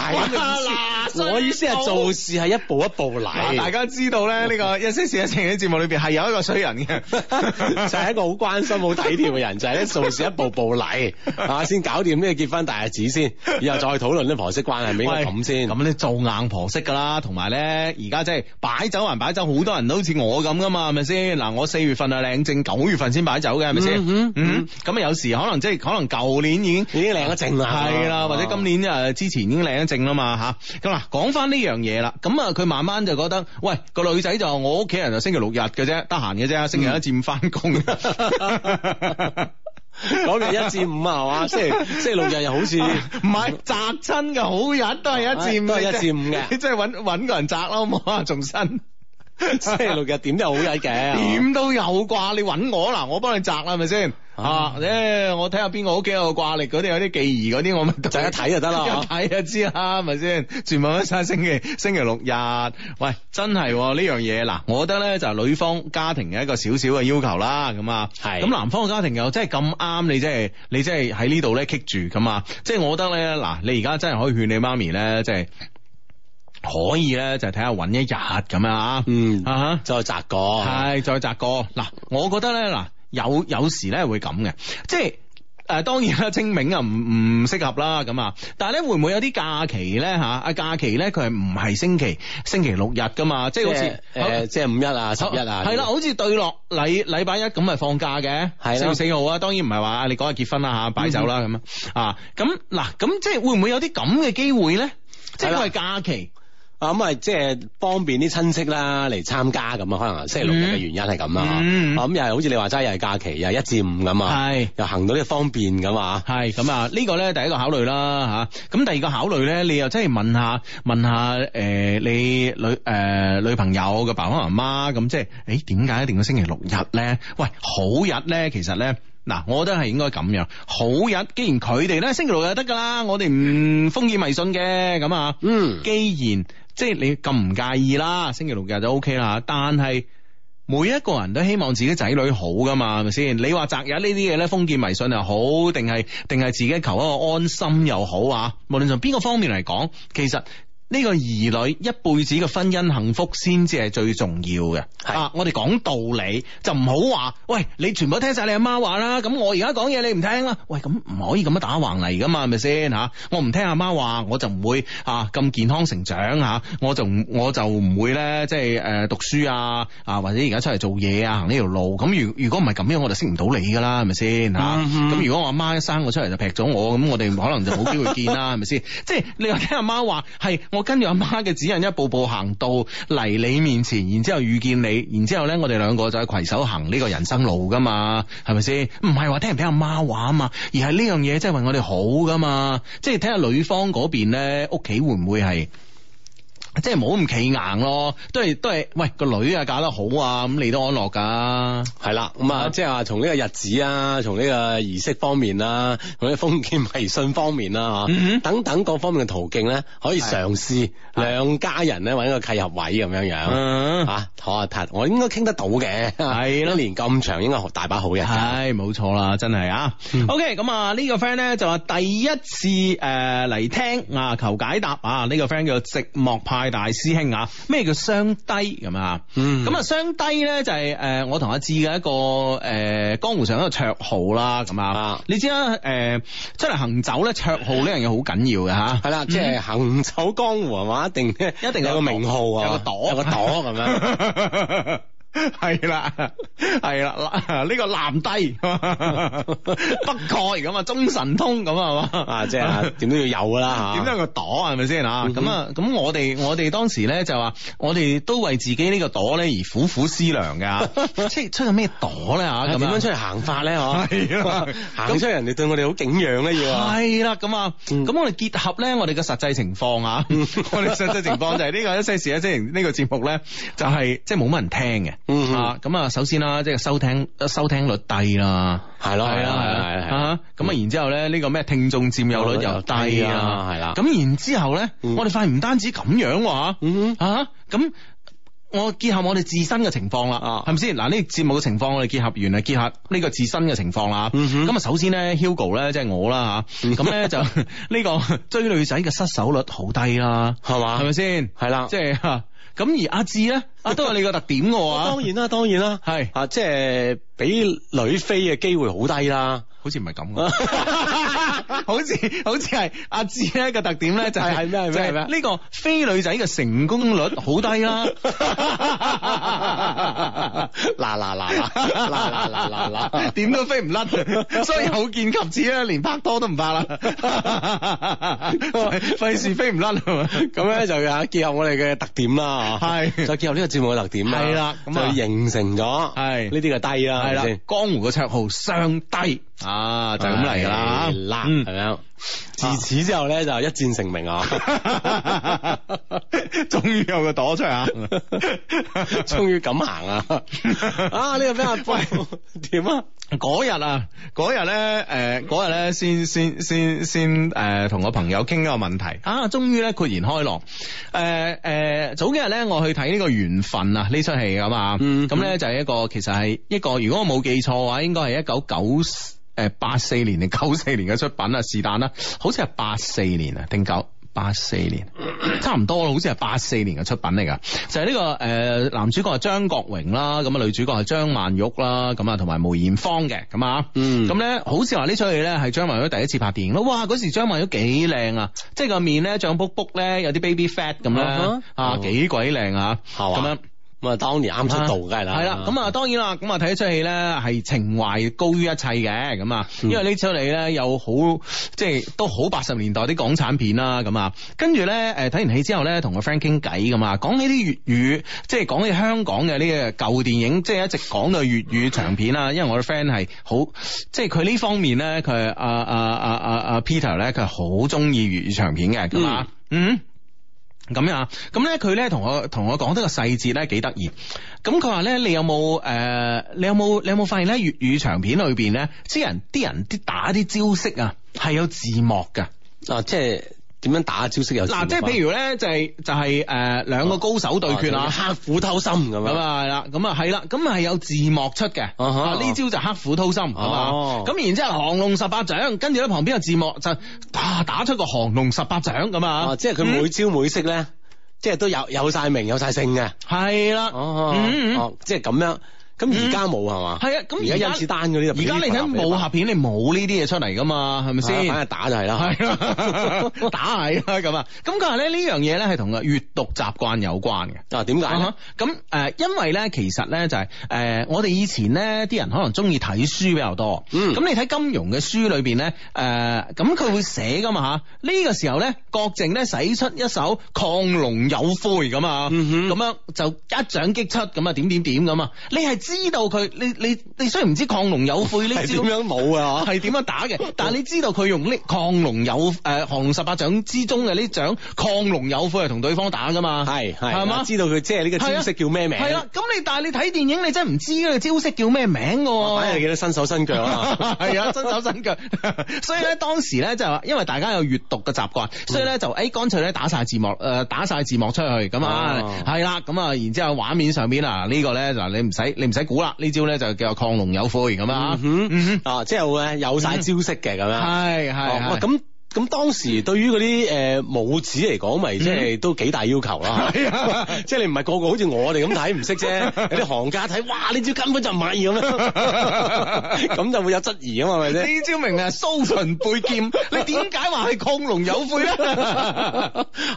我意思係做事係一步一步嚟。大家知道咧，呢個一些事嘅情景節目裏邊係有一個衰人嘅，就係一個好關心、好體貼嘅人，就係咧做事一步步嚟，係先搞掂，呢個結婚大日子先，以後再去討論啲婆媳關係俾我咁先。咁你做硬婆媳噶啦，同埋咧而家即係擺酒還擺酒，好多人都好似我咁噶嘛，係咪先？嗱，我四月份領證，九月份先擺酒嘅，係咪先？嗯嗯，咁有時可能即係可能舊年已經已經領咗證啦，係啦，或者今年誒之前已經領咗證啦嘛吓。咁啊，講翻呢樣嘢啦。咁啊，佢慢慢就覺得，喂，個女仔就我屋企人就星期六日嘅啫，得閒嘅啫，星期一至五翻工。講你一至五啊係嘛？星期星期六日又好似唔係擇親嘅好日都係一至五，一至五嘅，即係搵搵個人擇咯，好冇啊，仲新星期六日點都有好日嘅，點都有啩？你搵我嗱，我幫你擇啦，係咪先？啊，誒，我睇下邊個屋企有個掛曆嗰啲，有啲記儀嗰啲，我咪就一睇就得啦，一睇就知啦，咪先，全部都晒星期星期六日。喂，真係呢樣嘢嗱，我覺得咧就係女方家庭嘅一個少少嘅要求啦，咁啊，係對，咁男方嘅家庭又真係咁啱你真，即係你即係喺呢度咧棘住，咁啊，即係我覺得咧嗱，你而家真係可以勸你媽咪咧，即係可以咧，就係睇下搵一日咁樣啊，嗯，啊，嗯、再擇過，係、啊，再擇過，嗱，我覺得咧嗱。有有時咧會咁嘅，即係誒、呃，當然啦，清明啊唔唔適合啦咁啊，但係咧會唔會有啲假期咧吓？啊假期咧佢係唔係星期星期六日噶嘛？即係好似誒，即係、呃啊、五一啊，啊十一啊，係啦了，好似對落禮禮拜一咁咪放假嘅，四了月四號啊，當然唔係話你講下結婚啦吓，擺酒啦咁啊，咁嗱咁即係會唔會有啲咁嘅機會咧？即係佢係假期。啊咁係即係方便啲親戚啦嚟參加咁啊，可能星期六日嘅原因係咁啊。咁、嗯嗯嗯、又係好似你話齋，又係假期，又一至五咁啊。係是又行到啲方便咁啊。係咁啊，這個、呢個咧第一個考慮啦嚇。咁、啊、第二個考慮咧，你又真係問下問下誒、呃、你女誒、呃、女朋友嘅爸爸媽媽咁，即係誒點解一定要星期六日咧？喂，好日咧，其實咧嗱，我覺得係應該咁樣。好日，既然佢哋咧星期六日就得㗎啦，我哋唔封建迷信嘅咁啊。嗯既，既然即係你咁唔介意啦，星期六日就 OK 啦，但係每一個人都希望自己仔女好噶嘛，係咪先？你話擇日呢啲嘢咧，封建迷信又好，定係定係自己求一個安心又好啊？無論從邊個方面嚟講，其實。呢個兒女一輩子嘅婚姻幸福先至係最重要嘅。是啊，我哋講道理就唔好話，喂，你全部聽晒你阿媽話啦。咁我而家講嘢你唔聽啦、啊。喂，咁唔可以咁樣打橫嚟噶嘛？係咪先吓？我唔聽阿媽話，我就唔會啊咁健康成長吓、啊，我就我就唔會咧，即係誒、呃、讀書啊啊，或者而家出嚟做嘢啊，行呢條路。咁、啊、如如果唔係咁樣，我就識唔到你噶啦，係咪先吓？咁、啊 mm hmm. 啊、如果我阿媽一生我出嚟就劈咗我，咁我哋可能就冇機會見啦，係咪先？即、就、係、是、你聽媽媽話聽阿媽話係我跟住阿媽嘅指引，一步步行到嚟你面前，然之後遇見你，然之後咧，我哋兩個就係攜手行呢個人生路噶嘛，係咪先？唔係話聽唔聽阿媽話啊嘛，而係呢樣嘢即係為我哋好噶嘛，即係睇下女方嗰邊咧，屋企會唔會係？即係冇咁企硬咯，都係都係，喂個女啊嫁得好啊，咁你都安樂噶、啊，係啦的，咁啊、嗯、即係話從呢個日子啊，從呢個儀式方面啊，咁啲封建迷信方面啦、啊嗯嗯、等等各方面嘅途徑咧，可以嘗試兩家人咧揾個契合位咁樣樣，吓、嗯啊，我啊睇我應該傾得到嘅，係啦的， *laughs* 一年咁長應該大把好日子，係冇錯啦，真係啊 *laughs* ，OK，咁啊呢個 friend 咧就話第一次誒嚟聽啊求解答啊，呢、這個 friend 叫寂寞派。大，大師兄啊！咩叫雙低咁啊？嗯，咁啊雙低咧就係、是、誒、呃、我同阿志嘅一個誒、呃、江湖上一個綽號啦咁啊！你知啦誒、呃、出嚟行走咧綽號呢樣嘢好緊要嘅吓，係啦、啊，嗯、即係行走江湖係嘛，一定一定有個名號、啊有個，有個朵，有個朵咁 *laughs* 樣。 *laughs* 係啦，係啦，呢個南帝、北丐咁啊，中神通咁啊嘛，啊即係點都要有啦，點都係個朵係咪先啊？咁啊，咁我哋我哋當時咧就話，我哋都為自己呢個朵咧而苦苦思量嘅，即係出個咩朵咧咁點樣出嚟行法咧？嗬，行出人哋對我哋好敬仰咧，要係啦。咁啊，咁我哋結合咧，我哋嘅實際情況啊，我哋實際情況就係呢個一世事咧，即係呢個節目咧，就係即係冇乜人聽嘅。啊，咁啊，首先啦，即係收聽收聽率低啦，係咯，係啦，係啦，咁啊，然之後咧，呢個咩聽眾佔有率又低啊，係啦，咁然之後咧，我哋發現唔單止咁樣喎，啊，咁我結合我哋自身嘅情況啦，係咪先？嗱，呢個節目嘅情況我哋結合完，嚟結合呢個自身嘅情況啦。咁啊，首先咧，Hugo 咧，即係我啦吓，咁咧就呢個追女仔嘅失手率好低啦，係嘛，係咪先？係啦，即係。咁而阿志咧，啊都係你個特點，當然啦，當然啦，係 *laughs* 是啊，即係俾女飛嘅機會好低啦。好似唔係咁嘅，好似好似係阿志咧個特點咧就係咩係咩？呢、呢個飛女仔嘅成功率好低啦，嗱嗱嗱嗱嗱嗱嗱嗱，點都飛唔甩， *laughs* 所以有見及此啦，連拍拖都唔拍啦，費、 *laughs* *laughs* *laughs* 啊、事飛唔甩係嘛？咁 *laughs* 咧 *laughs* 就結合我哋嘅特點啦，係再結合呢個節目嘅特點啦，係啦、啊，咁、啊、就形成咗係呢啲嘅低啦，係啦，江湖嘅綽號雙低。啊，就咁嚟噶啦，拉係咪？自此之後咧，就一戰成名啊！終 *laughs* 於 *laughs* 有個躲出、啊，啊！終於敢行啊！啊，呢個咩啊？點啊？嗰日啊，嗰日咧，誒，嗰日咧，先先先先誒，同個朋友傾一個問題啊，終於咧豁然開朗。誒、啊、誒、呃，早幾日咧，我去睇呢個緣分啊，呢出戲噶啊，咁咧、嗯嗯、就係一個，其實係一個，如果我冇記錯嘅話，應該係一九九。誒，八四年定九四年嘅出品啊，是但啦，好似係八四年啊，定九八四年，年 *coughs* 差唔多啦，好似係八四年嘅出品嚟㗎，就係呢個誒男主角係張國榮啦，咁啊女主角係張曼玉啦，咁啊同埋梅艷芳嘅，咁啊，嗯，咁咧好似話呢出戲咧係張曼玉第一次拍電影咯，哇，嗰時張曼玉幾靚 *coughs* 啊，即係個面咧脹卜卜咧，有啲 baby fat 咁啦，啊，幾鬼靚啊，係嘛，咁 *coughs* 樣。咁啊，當年啱出道嘅係啦，係啦。咁啊，當然啦，咁啊，睇呢出戲咧，係情懷高於一切嘅。咁啊、嗯，因為呢出嚟咧，有好即係都好八十年代啲港產片啦。咁啊，跟住咧，誒，睇完戲之後咧，同個 friend 傾偈咁啊，講起啲粵語，即係講起香港嘅呢個舊電影，即係一直講到粵語長片啊。因為我嘅 friend 係好，即係佢呢方面咧，佢阿阿阿阿阿 Peter 咧，佢係好中意粵語長片嘅，咁啊，嗯。嗯咁樣，咁咧佢咧同我同我講得個細節咧幾得意，咁佢話咧你有冇誒，uh，你有冇你有冇發現咧粵語長片裏邊咧，啲人啲人啲打啲招式啊，係有字幕噶，啊即係。點樣打招式又嗱，即係譬如咧就係、是、就係誒兩個高手對決、哦、啊，黑虎偷心咁啊係啦，咁啊係啦，咁係有字幕出嘅，啊呢哈、啊、招就黑虎偷心，咁啊，咁、啊、然之後降龍十八掌，跟住咧旁邊有字幕就啊打，打出個降龍十八掌咁啊，即係佢每招每式咧、嗯，即係都有有晒名有晒姓嘅，係啦，哦，即係咁樣。咁而家冇係嘛？係啊、嗯，咁而家甄子丹嗰啲，而家你睇武俠片，你冇呢啲嘢出嚟噶嘛？係咪先？反正打就係啦，我 *laughs* 打係啦咁啊。咁但係咧呢樣嘢咧係同嘅閱讀習慣有關嘅。啊，點解？咁誒、啊呃，因為咧其實咧就係、是、誒、呃，我哋以前咧啲人可能中意睇書比較多。咁你睇金庸嘅書裏邊咧誒，咁、呃、佢會寫噶嘛嚇？呢、啊這個時候咧，郭靖咧使出一首「亢龍有悔」咁啊，咁、嗯、哼 樣就一掌擊出咁啊，點點點咁啊，你係。知道佢，你你你雖然唔知亢龍有悔呢招係點樣冇啊，係點樣打嘅，但係你知道佢、啊、用呢亢龍有誒降龍十八掌之中嘅呢掌亢龍有悔，係同對方打噶嘛，係係嘛，吧知道佢即係呢個招式、啊、叫咩名？係啦、啊，咁你但係你睇電影，你真係唔知呢招式叫咩名噶、啊，反正記得伸手伸腳啊，係 *laughs* 啊，伸手伸腳。 *laughs* 所以咧，當時咧，即係因為大家有閱讀嘅習慣，嗯、所以咧就誒，乾脆咧打晒字幕誒，打晒字幕出去咁、嗯、啊，係啦、啊，咁啊，啊，啊，然之後，後，後，後畫面上面啊，這個、呢個咧嗱，你唔使你唔使。睇估啦，呢招咧就叫做亢龍有悔咁啊，啊，即係我咧有晒招式嘅咁樣，係係咁。啊是咁當時對於嗰啲誒武指嚟講，咪即係都幾大要求咯。係啊，即係你唔係個個好似我哋咁睇唔識啫。有啲行家睇，哇！呢招根本就唔係咁樣。咁就會有質疑啊嘛，係咪呢招知唔明啊？蘇秦背劍，你點解話係亢龍有悔咧？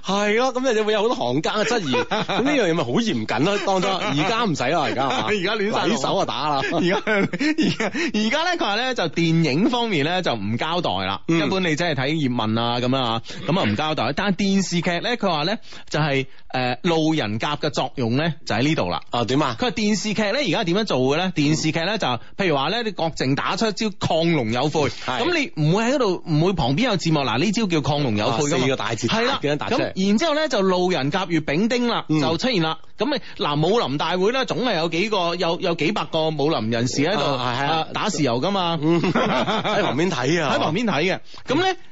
係咯，咁你會有好多行家嘅質疑。咁呢樣嘢咪好嚴謹咯？當初而家唔使啦，而家你而家亂手啊，打啦！而家而家而家咧，佢話咧就電影方面咧就唔交代啦。根本你真係睇。葉問啊，咁樣啊，咁啊唔交代，但係電視劇咧，佢話咧就係誒路人甲嘅作用咧就喺呢度啦。哦點啊？佢話電視劇咧而家係點樣做嘅咧？電視劇咧，嗯，就譬如話咧，你郭靖打出一招亢龍有悔，咁是你唔會喺嗰度，唔會旁邊有字幕。嗱，呢招叫亢龍有悔四個，啊，大字，係啦，啊，咁然之後咧就路人甲乙丙丁啦，嗯，就出現啦。咁你，嗱，武林大會咧，總係有幾個，有有幾百個武林人士喺度係啊打豉油噶嘛，喺旁邊睇啊，喺，啊啊， *laughs* 旁邊睇嘅。咁咧。 *laughs*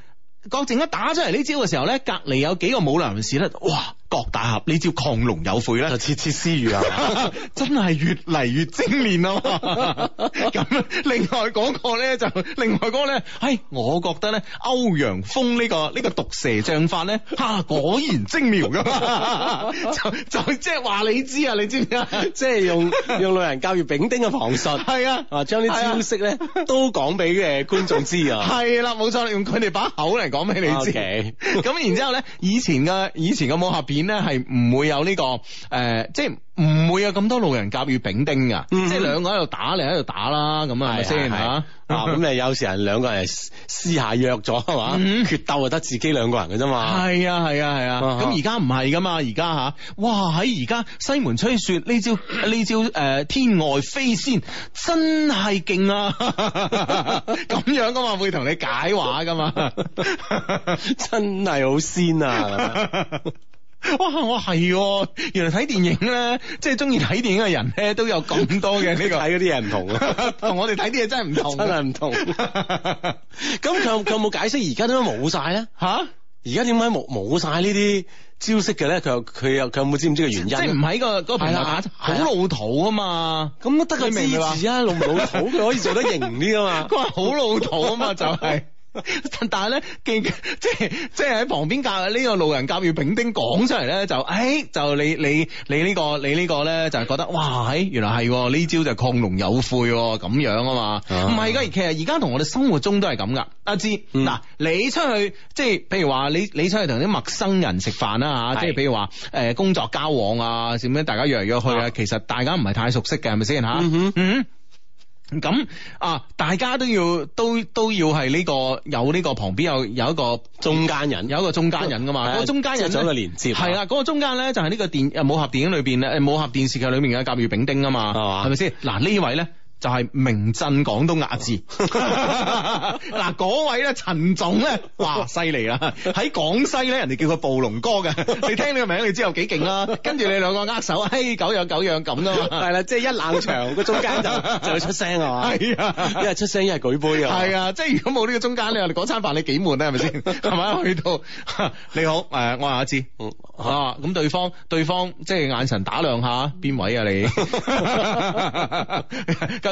郭靖一打出嚟呢招嘅時候咧，隔籬有幾個武梁士咧，哇！郭大俠，呢招亢龍有悔咧？就竊竊私語啊！真係越嚟越精煉咯。咁另外嗰個咧就另外嗰個咧，哎，我覺得咧歐陽鋒呢個呢個毒蛇杖法咧，吓果然精妙噶，就就即係話你知啊！你知唔知啊？即係用用老人教育丙丁嘅旁述，係啊，啊將啲招式咧都講俾誒觀眾知啊。係啦，冇錯，你用佢哋把口嚟講俾你知。咁然之後咧，以前嘅以前嘅武俠片。咧係唔會有呢、這個誒、呃，即係唔會有咁多路人甲乙丙丁噶，即係兩個喺度打，你喺度打啦，咁啊，係咪先？啊，咁你、啊 *laughs* 啊、有時人兩個人私下約咗、嗯、啊，啊，啊，啊，啊嘛，決鬥就得自己兩個人嘅啫嘛。係啊，係啊，係啊，咁而家唔係噶嘛，而家吓，哇！喺而家西門吹雪呢招呢招誒，天外飛仙真係勁啊！咁 *laughs* 樣噶嘛，會同你解話噶嘛，真係好仙啊！ *laughs* *laughs* 哇！我係，原來睇電影咧，即係中意睇電影嘅人咧，都有咁多嘅呢個睇嗰啲嘢，唔同，同我哋睇啲嘢真係唔同，真係唔同。咁佢有佢有冇解釋而家點解冇晒咧？吓，而家點解冇冇晒呢啲招式嘅咧？佢有佢有佢有冇知唔知個原因？即係唔喺個個好老土啊嘛。咁得個姿勢啊，老唔老土？佢可以做得型啲啊嘛。佢話好老土啊嘛，就係。 *laughs* 但但係咧，即即係喺旁邊教呢個路人甲乙丙丁講出嚟咧，就誒、哎，就你你你、這個、你個呢個你呢個咧，就係覺得哇，嘿、哎，原來係呢招就亢龍有悔咁樣啊嘛，唔係噶，而其實而家同我哋生活中都係咁噶。阿芝，嗱、嗯啊，你出去即係譬如話你你出去同啲陌生人食飯啦吓，即係譬如話誒、呃、工作交往啊，點樣大家約嚟約去啊，其實大家唔係太熟悉嘅係咪先吓？嗯。咁啊，大家都要都都要係呢、這個有呢個旁邊有有一個中間人，有一個中間人噶嘛。嗰中間人做的一個連接，係啦的。嗰、啊、個中間咧就係、是、呢個電誒武俠電影裏邊咧，誒武俠電視劇裏面嘅甲乙丙丁啊嘛，係咪先？嗱、啊、呢位咧。就係名震廣東阿志，嗱 *laughs* 嗰位咧陳總咧，哇犀利啦！喺廣西咧，人哋叫佢暴龍哥嘅，你聽你個名你知有幾勁啦。跟住你兩個握手，嘿、哎，狗樣狗樣咁咯，係啦， *laughs* 即係一冷場，個中間就就出聲啊嘛，係啊，一係出聲，一係、 *laughs* 啊、舉杯啊，係啊，即係如果冇呢個中間，你話嗰餐飯你幾悶啊，係咪先？係咪？ *laughs* 去到 *laughs* 你好誒、呃，我係阿志，嚇咁、啊、對方對方即係眼神打量下邊位啊你。 *laughs*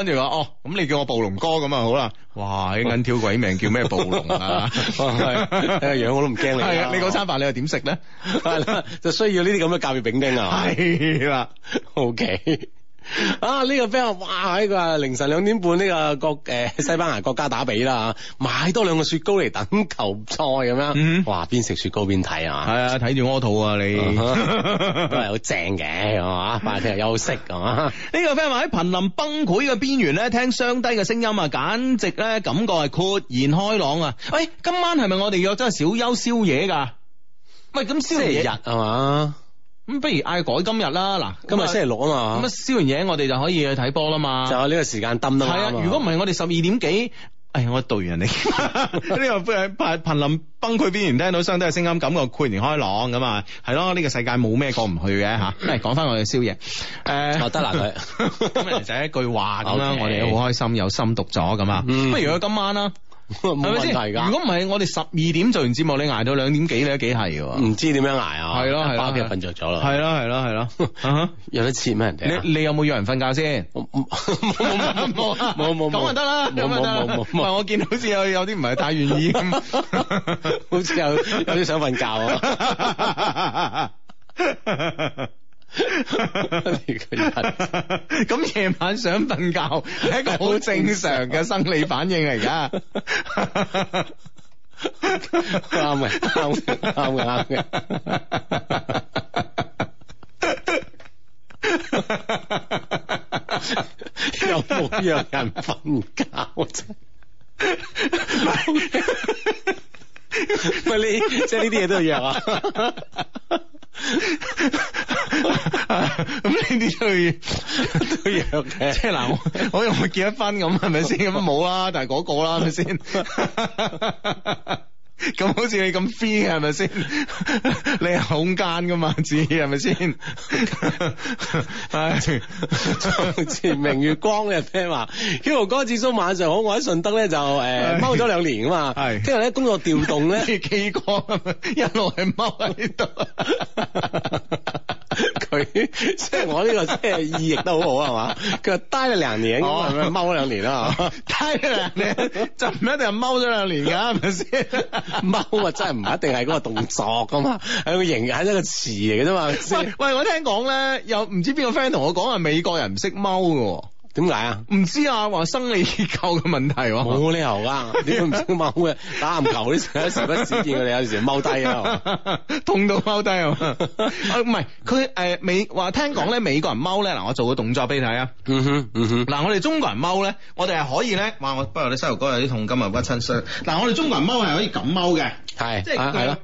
*laughs* 跟住話哦，咁你叫我暴龍哥咁啊好啦，哇，你銀條鬼名叫咩暴龍啊，呢個樣我都唔驚你。係啊，你嗰餐飯你又點食咧？係啦，就需要呢啲咁嘅甲乙丙丁 *laughs* 啊。係啦，OK。啊！呢、這個 friend 話哇，喺、這個凌晨兩點半呢、這個國誒、呃、西班牙國家打比啦，買多兩個雪糕嚟等球賽咁樣，嗯，哇邊食雪糕邊睇啊，係啊睇住屙肚啊你， *laughs* 啊都係好正嘅係嘛，聽日休息係嘛？呢個 friend 話喺瀕臨崩潰嘅邊緣咧，聽雙低嘅聲音啊，簡直咧感覺係豁然開朗啊！喂、哎，今晚係咪我哋約咗小休宵夜噶？喂，咁星期日係嘛？啊咁不如嗌改今日啦，嗱，今日星期六啊嘛，咁啊宵完嘢我哋就可以去睇波啦嘛，就呢個時間抌到，係啊，如果唔係我哋十二點幾，哎，我導完人哋呢個，排 *laughs* 瀕 *laughs* *laughs* 臨崩潰邊緣聽到相低嘅聲音，感覺豁然開朗咁啊，係咯，呢個世界冇咩過唔去嘅吓，咁講翻我哋宵夜，誒、 *laughs* 呃，得啦佢，今日就係一句話咁啦，Okay. 我哋好開心有心讀咗咁啊，咁、嗯、不如果今晚啦。係咪先？如果唔係，我哋十二點做完節目，你挨到兩點幾你都幾係嘅？唔知點樣挨啊？係咯係咯，趴低瞓着咗啦。係咯係咯係咯，uh huh. 有得切咩人哋？你你有冇約人瞓覺先？冇冇冇冇冇，咁就得啦。冇冇冇冇，唔係我見到好似有有啲唔係太願意，咁， *laughs* *laughs* 好似有有啲想瞓覺。 *laughs* 咁夜晚想瞓覺係一個好正常嘅生理反應嚟噶，啱嘅，啱嘅，啱嘅，啱嘅。有冇約人瞓覺喂，你即係呢啲嘢都要約啊？咁呢啲都要 *laughs* 都要約嘅， *laughs* 即係嗱，我以唔會結得婚咁，係咪先？咁冇啦，但係嗰個啦，係咪先？咁好似你咁 free 係咪先？你係空間噶嘛？自己係咪先？從 *laughs* *laughs* 前明月光嘅 friend 話，Q 哥，智、嗯、叔 *laughs* 晚上好，我喺順德咧就誒踎咗兩年噶嘛，係。聽日咧工作調動咧， *laughs* 幾光一路係踎喺呢度。 *laughs* 佢 *laughs* 即係我呢、這個即係意譯都好好係嘛，佢話呆咗兩年，踎咗兩年啦，吓 *laughs* *laughs* 呆咗兩年就唔一定係踎咗兩年噶，係咪先踎啊？真係唔一定係嗰個動作噶嘛，係 *laughs* 個形，係一個詞嚟嘅啫嘛，先？喂，我聽講咧，又唔知邊個 friend 同我講，話美國人唔識踎噶。點解啊？唔知啊，話生理結構嘅問題、啊，冇理由㗎、啊，你都唔識踎嘅？ *laughs* 打籃球啲時有時不時見佢哋有陣時踎低啊， *laughs* 痛到踎低啊，唔係佢誒美話聽講咧，美國人踎咧嗱，我做個動作俾你睇 *laughs* *laughs* *laughs* 啊，哼，哼，嗱我哋中國人踎咧，我哋係可以咧，哇，我不如你膝頭哥有啲痛今日屈親傷，嗱、啊、我哋中國人踎係可以咁踎嘅，係是，即係佢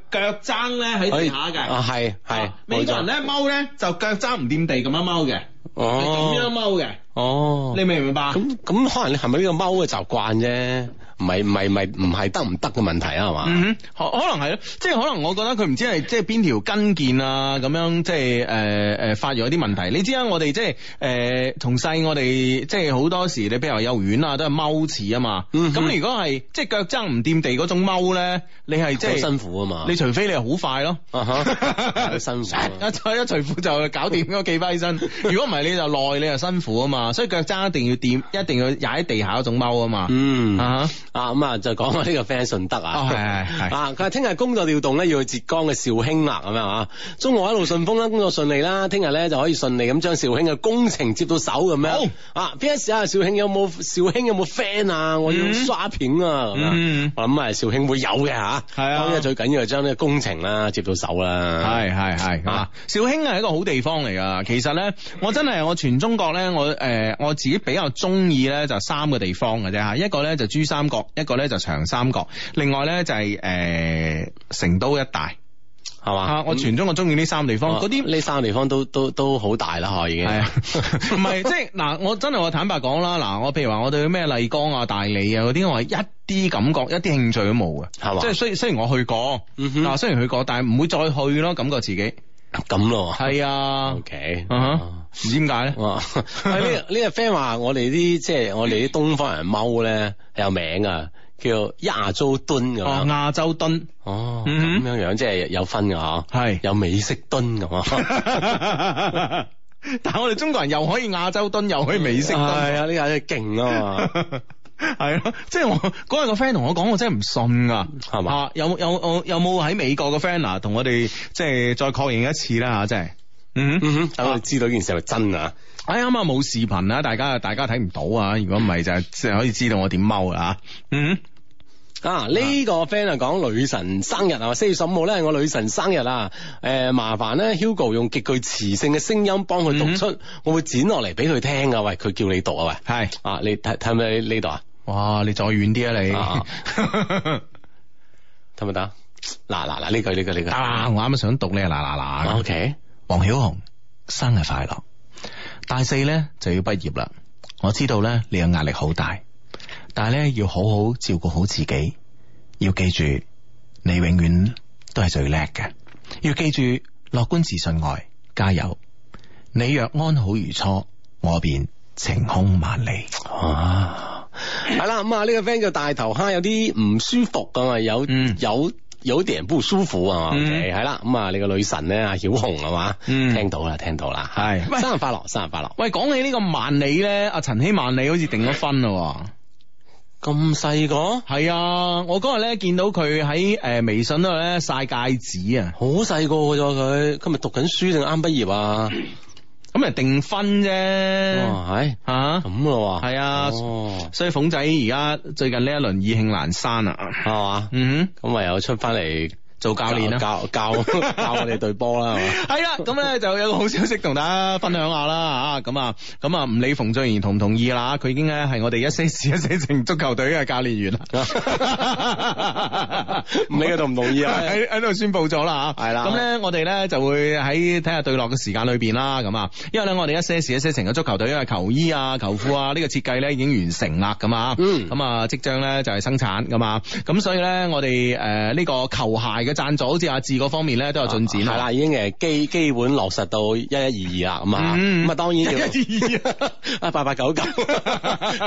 腳踭咧喺地下嘅，係係、啊，美國人咧踎咧就腳踭唔掂地咁樣踎嘅。哦，你咁樣踎嘅，哦，你明唔明白？咁咁可能你係咪呢個踎嘅習慣啫？唔係唔係，唔係唔係得唔得嘅問題啊係嘛？嗯哼，可可能係咯，即係可能我覺得佢唔知係即係邊條筋腱啊咁樣，即係誒誒發育咗啲問題。你知啊，呃、我哋即係誒，從細我哋即係好多時你比、嗯哼，你譬如話幼兒園啊，都係踎似啊嘛。嗯，咁你如果係即係腳踭唔掂地嗰種踎咧，你係即係辛苦啊嘛。你除非你係好快咯。啊、辛苦啊！ *laughs* 一除褲就搞掂， *laughs* 我企翻起身。如果唔係你就耐，你又辛苦啊嘛。所以腳踭一定要掂，一定要踩喺地下嗰種踎啊嘛。嗯啊。啊啊咁啊，嗯、就講我呢個 friend 順德、哦、啊，係係啊，佢話聽日工作調動咧，要去浙江嘅紹興啊咁樣啊，中午一路順風啦，工作順利啦，聽日咧就可以順利咁將紹興嘅工程接到手咁樣。啊，P.S.、哦、啊，紹興有冇紹興有冇 friend 啊？我要刷片啊咁樣。嗯、我諗啊，紹興會有嘅吓。係的啊，最緊要係將呢工程啦接到手啦。係係係啊，紹興係一個好地方嚟噶。其實咧，我真係我全中國咧，我誒、呃、我自己比較中意咧就三個地方嘅啫吓，一個咧就珠三角。一個咧就長三角，另外咧就係、是、誒、呃、成都一帶，係嘛吧？吓、啊，我全中我中意呢三個地方，嗰啲呢三個地方都都都好大啦，吓已經係啊，唔係 *laughs* 即係嗱，我真係我坦白講啦，嗱，我譬如話我對咩麗江啊、大理啊嗰啲，我係一啲感覺、一啲興趣都冇嘅，係嘛吧？即係雖雖然我去過，嗱、嗯哼，雖然去過，但係唔會再去咯，感覺自己咁咯，係啊，OK 啊。Okay. Uh huh. 點解咧？呢 *laughs* 啊！呢呢個 friend 話我哋啲即係我哋啲東方人踎咧有名啊，叫亞洲蹲咁亞洲蹲。哦，咁、哦嗯、哼樣樣即係有分噶吓。係是。有美式蹲咁啊。 *laughs* *laughs* 但係我哋中國人又可以亞洲蹲，又可以美式。係啊、哎呀，呢個係勁啊嘛。係啊， *laughs* 即、就、係、是、我嗰日個 friend 同我講，我真係唔信吧啊，係嘛？有有有有冇喺美國嘅 friend 啊？同我哋即係再確認一次啦吓，即係。嗯嗯哼，等佢知道呢件事係咪真啊！哎，啱啱冇視頻啊，大家大家睇唔到啊！如果唔係就即係可以知道我點踎啊。嗯啊呢個 friend 啊講女神生日啊，四月十五號咧係我女神生日啊，誒麻煩咧 Hugo 用極具磁性嘅聲音幫佢讀出，我會剪落嚟俾佢聽啊。喂，佢叫你讀啊喂，係啊你睇睇咪呢度啊？哇，你再遠啲啊你，得唔得？嗱嗱嗱呢句呢句呢句，我啱啱想讀咧，嗱嗱嗱。O K。黃曉紅，生日快樂！大四咧就要畢業啦，我知道咧你嘅壓力好大，但係咧要好好照顧好自己，要記住你永遠都係最叻嘅，要記住樂觀自信外，加油！你若安好如初，我便晴空萬里。啊，係 *laughs* 啦， *laughs* 咁 *noise* 啊呢、那個 friend 叫大頭蝦，有啲唔舒服噶嘛，有有。嗯有啲人唔舒服啊，係、okay? 啦、嗯，咁啊，你個女神咧，阿曉紅係嘛，聽到啦，聽到啦，係，生日快樂，生日快樂。喂，講起呢個萬里咧，阿陳希萬里好似定咗婚啦，咁細個？係啊，我嗰日咧見到佢喺誒微信度咧晒戒指啊，好細個嘅啫，佢今日讀緊書定啱畢業啊？ *coughs* 咁咪定婚啫，係吓、哦？咁、哎、咯，係啊，所以鳳仔而家最近呢一輪意興闌珊啊，係嘛，嗯哼，咁唯有出翻嚟。做教練啦、啊，教教教我哋對波啦，係嘛？ *laughs* *laughs* *laughs* 係啦，咁咧就有個好消息同大家分享下啦，啊，咁啊，咁啊，唔理馮俊賢同唔同意啦，佢已經咧係我哋一些一些成足球隊嘅教練員啦。唔 *laughs* *laughs* *laughs* 理佢同唔同意啊，喺喺度宣布咗啦，係啦 *laughs* 了。咁咧我哋咧就會喺睇下對落嘅時間裏邊啦，咁啊，因為咧我哋一些一些成嘅足球隊因為球衣啊、球褲啊呢個設計咧已經完成啦，咁啊、嗯，咁啊即將咧就係生產噶嘛，咁所以咧我哋誒呢個球鞋。嘅贊助好似阿志嗰方面咧都有進展，係啦，已經誒基基本落實到一一二二啦，咁啊，咁啊，當然要一二啊，八八九九，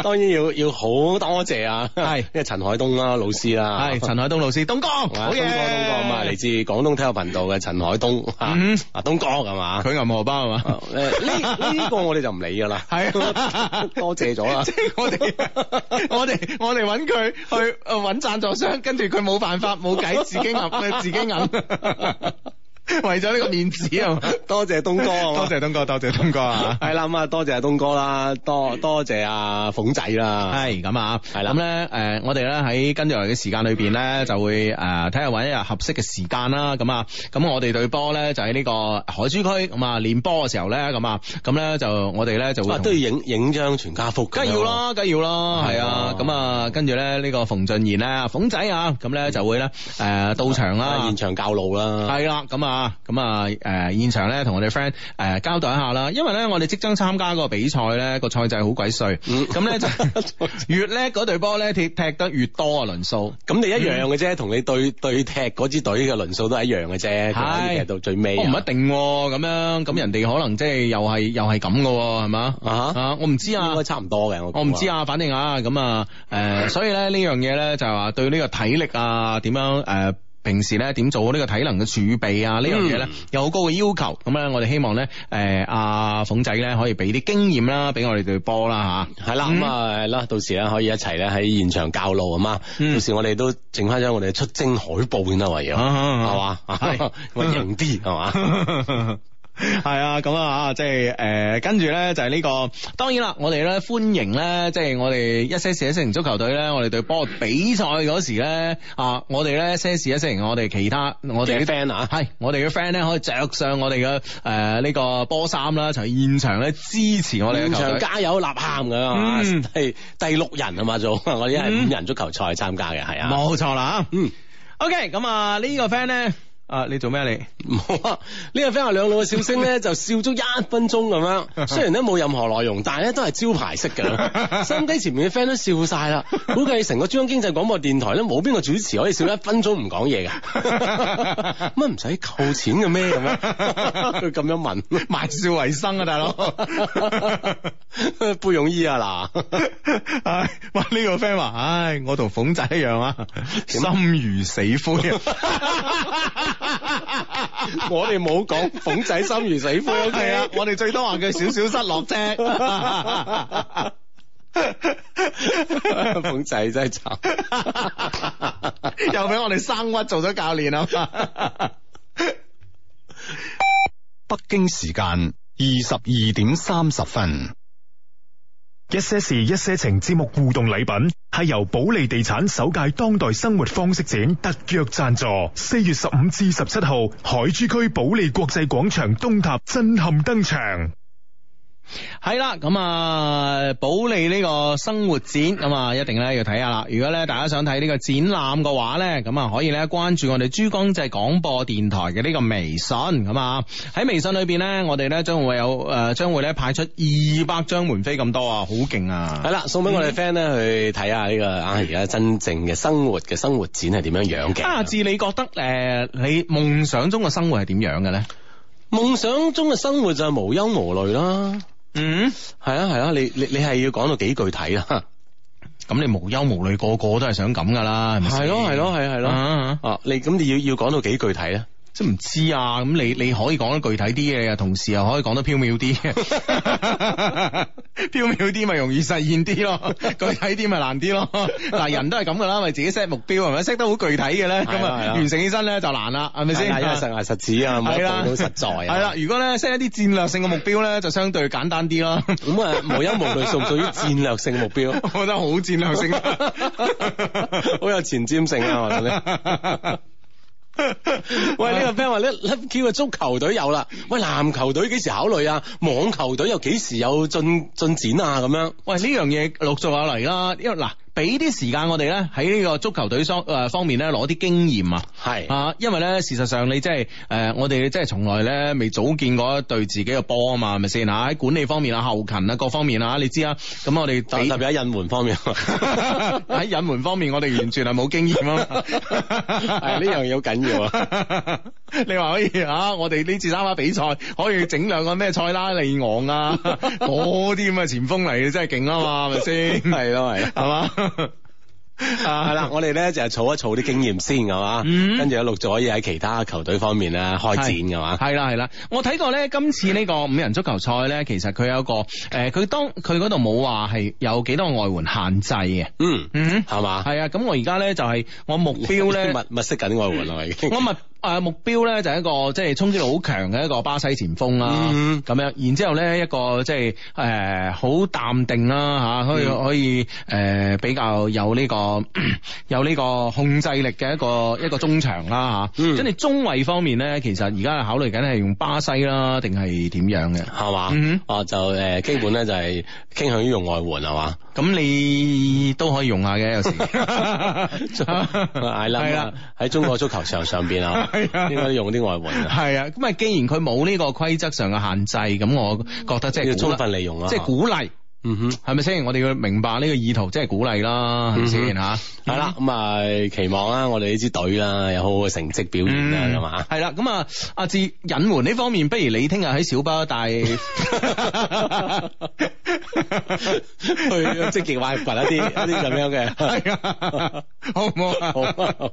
當然要要好多謝啊，係，因為陳海東啦，老師啦，係，陳海東老師，東哥，東哥，東哥，咁啊，嚟自廣東體育頻道嘅陳海東，啊，東哥係嘛，佢銀荷包係嘛，呢呢個我哋就唔理噶啦，係，多謝咗啦，即係我哋我哋我哋揾佢去揾贊助商，跟住佢冇辦法冇計，自己自己揞。 *laughs* 為咗呢個面子啊！ *laughs* 多謝東哥，多謝東哥，多謝東哥啊！係啦咁啊，多謝東哥啦，多多謝阿、啊、鳳仔啦！係咁啊，係啦咁咧，誒了、呃，我哋咧喺跟住嚟嘅時間裏邊咧，就會誒睇下揾一日合適嘅時間啦。咁啊，咁我哋隊波咧就喺呢個海珠區咁啊練波嘅時候咧，咁啊咁咧就我哋咧就、哦、都要影影張全家福，梗要啦，梗要啦，係了啊！咁、這個、啊，跟住咧呢個馮俊賢咧，鳳仔啊，咁咧就會咧誒、呃、到場啦，呃呃呃、現場教路啦，係啦，咁啊。 啊，咁啊，誒，現場咧同我哋 friend 誒交代一下啦，因為咧我哋即將參加嗰個比賽咧，個賽制好鬼衰，咁咧就越叻嗰隊波咧踢踢得越多啊輪數，咁你一樣嘅啫，同你對對踢嗰支隊嘅輪數都係一樣嘅啫，同佢踢到最尾，我唔一定咁樣，咁人哋可能即係又係又係咁噶，係嘛？啊，哈啊，我唔知啊，應該差唔多嘅，我唔知，、啊、知啊，反正啊，咁啊，誒、啊，所以咧呢樣嘢咧就係話對呢個體力啊，點樣誒？呃呃呃嗯平時咧點做好呢個體能嘅儲備啊？嗯、呢樣嘢咧有好高嘅要求。咁咧，我哋希望咧，誒、呃，阿、啊、鳳仔咧可以俾啲經驗啦，俾我哋隊波啦吓。係啦，咁啊，啦、嗯嗯，到時咧可以一齊咧喺現場教路啊嘛。嗯、到時我哋都剩翻咗我哋出征海報先啦，為要係嘛，我型啲係嘛。吧是 *laughs* 係啊，咁啊，即係誒，跟住咧就係呢、這個，當然啦，我哋咧歡迎咧，即、就、係、是、我哋一些士一星足球隊咧，我哋對波比賽嗰時咧啊，我哋咧士一星我，我哋其他我哋啲 friend 啊，係我哋啲 friend 咧可以着上我哋嘅誒呢個波衫啦，就現場咧支持我哋，現場加油呐喊噶嘛，係、嗯、第六人啊嘛做，我哋係五人足球賽參加嘅係啊，冇錯、嗯、的啦，嗯，OK，咁啊呢個 friend 咧。啊！你做咩啊？你好啊！ *laughs* 這個、ans, 兩呢個 friend 話兩老嘅笑聲咧，就笑足一分鐘咁樣。雖然咧冇任何內容，但係咧都係招牌式嘅。收音機 *laughs* 前面嘅 friend 都笑晒啦， *laughs* 估計成個中央經濟廣播電台咧，冇邊個主持可以笑一分鐘唔講嘢噶。乜唔使扣錢嘅咩？咁樣佢咁樣問，賣笑為生啊，大佬。背泳衣啊嗱、 *laughs* 哎，哇！呢、這個 friend 話、哎，唉，我同鳳仔一樣啊，心如死灰 *laughs* *laughs* *laughs* *laughs* 我哋冇講鳳仔心如死灰，O K 啦， *laughs* 我哋最多話佢少少失落啫。鳳 *laughs* 仔真係慘， *laughs* *laughs* 又俾我哋生屈做咗教練啊！ *laughs* *laughs* 北京時間二十二點三十分。一些事一些情節目，互動禮品係由保利地產首屆當代生活方式展特約贊助，四月十五至十七號，海珠區保利國際廣場東塔震撼登場。係啦，咁啊、嗯，保利呢個生活展咁啊、嗯，一定咧要睇下啦。如果咧大家想睇呢個展覽嘅話咧，咁啊可以咧關注我哋珠江製廣播電台嘅呢個微信咁啊。喺、嗯嗯、微信裏邊咧，我哋咧將會有誒，將、呃、會咧派出二百張門飛咁多啊，好勁、這個、啊！係啦，送俾我哋 friend 咧去睇下呢個啊，而家真正嘅生活嘅生活展係點樣樣嘅？阿志、啊，你覺得誒、呃，你夢想中嘅生活係點樣嘅咧？夢想中嘅生活就係無憂無慮啦。嗯，係啊係啊，你你你係要講到幾具體啊？咁呵你無憂無慮，個個都係想咁噶啦，係咪？係咯係咯係係咯，啊，啊，啊，你咁、嗯你，嗯、你要要講到幾具體啊。即唔知啊，咁你你可以講得具體啲嘅，同時又可以講得飄渺啲嘅，飄 *laughs* 渺啲咪容易實現啲咯，具體啲咪難啲咯。嗱， *laughs* 人都係咁噶啦，咪自己 set 目標啊，set 得好具體嘅咧，咁啊，樣啊完成起身咧就難啦，係咪先？吧因為實牙實齒啊，冇咁實在啊。係啦，如果咧 set 一啲戰略性嘅目標咧，就相對簡單啲咯。咁 *laughs* 啊，無憂無慮屬唔屬於戰略性目標？我覺得好戰略性， *laughs* 好有前瞻性啊，我覺得。 *laughs* 喂，呢、這個 friend 話咧，LoveQ 嘅足球隊有啦，喂，籃球隊幾時考慮啊？網球隊又幾時有進進展啊？咁樣，喂，呢樣嘢陸續下嚟啦，因為嗱。俾啲時間我哋咧喺呢個足球隊方誒方面咧攞啲經驗啊，係啊，因為咧事實上你即係誒我哋即係從來咧未組建過一隊自己嘅波啊嘛，係咪先吓？喺管理方面啊、後勤啊、各方面啊，你知啊，咁我哋特別喺引援方面喺引援方面，我哋完全係冇經驗啊，嘛。係呢樣嘢好緊要啊！你話可以啊，我哋呢次參加比賽可以整兩個咩塞拉利昂啊，嗰啲咁嘅前鋒嚟，真係勁啊嘛，係咪先？係咯，係係嘛？ *laughs* 啊，係啦，我哋咧就係儲一儲啲經驗先，係嘛，跟住咧陸續可以喺其他球隊方面咧開展，係嘛，係啦係啦。我睇過咧，今次呢個五人足球賽咧，其實佢有一個誒，佢、呃、當佢嗰度冇話係有幾多外援限制嘅，嗯，嗯嗯，係嘛的，係啊。咁我而家咧就係、是、我目標咧，物物色緊外援啦，我已經。誒，目標咧就係一個即係衝擊力好強嘅一個巴西前鋒啦，咁樣、嗯哼。然之後咧一個即係誒好淡定啦，吓可以、嗯、可以誒、呃、比較有呢、呢個 *coughs* 有呢個控制力嘅一個一個中場啦，吓、嗯。真係中衛方面咧，其實而家係考慮緊係用巴西啦，定係點樣嘅係嘛？啊吧，就誒、嗯、哼基本咧就係傾向於用外援係嘛？咁你都可以用下嘅，有時係啦，係啦，喺中國足球場上邊啊， *laughs* *laughs* 應該用啲外援啊，係啊，咁啊，既然佢冇呢個規則上嘅限制，咁我覺得即係要充 *laughs* 分利用啊，即係鼓勵。嗯哼，係咪先？我哋要明白呢個意圖，即係鼓勵啦，係咪先吓？係啦，咁啊期望啦，我哋呢支隊啦，有好好嘅成績表現啦，係嘛？係啦，咁啊，阿志隱瞞呢方面，不如你聽日喺小巴帶去積極挖掘一啲一啲咁樣嘅，係啊，好唔好？好啊，好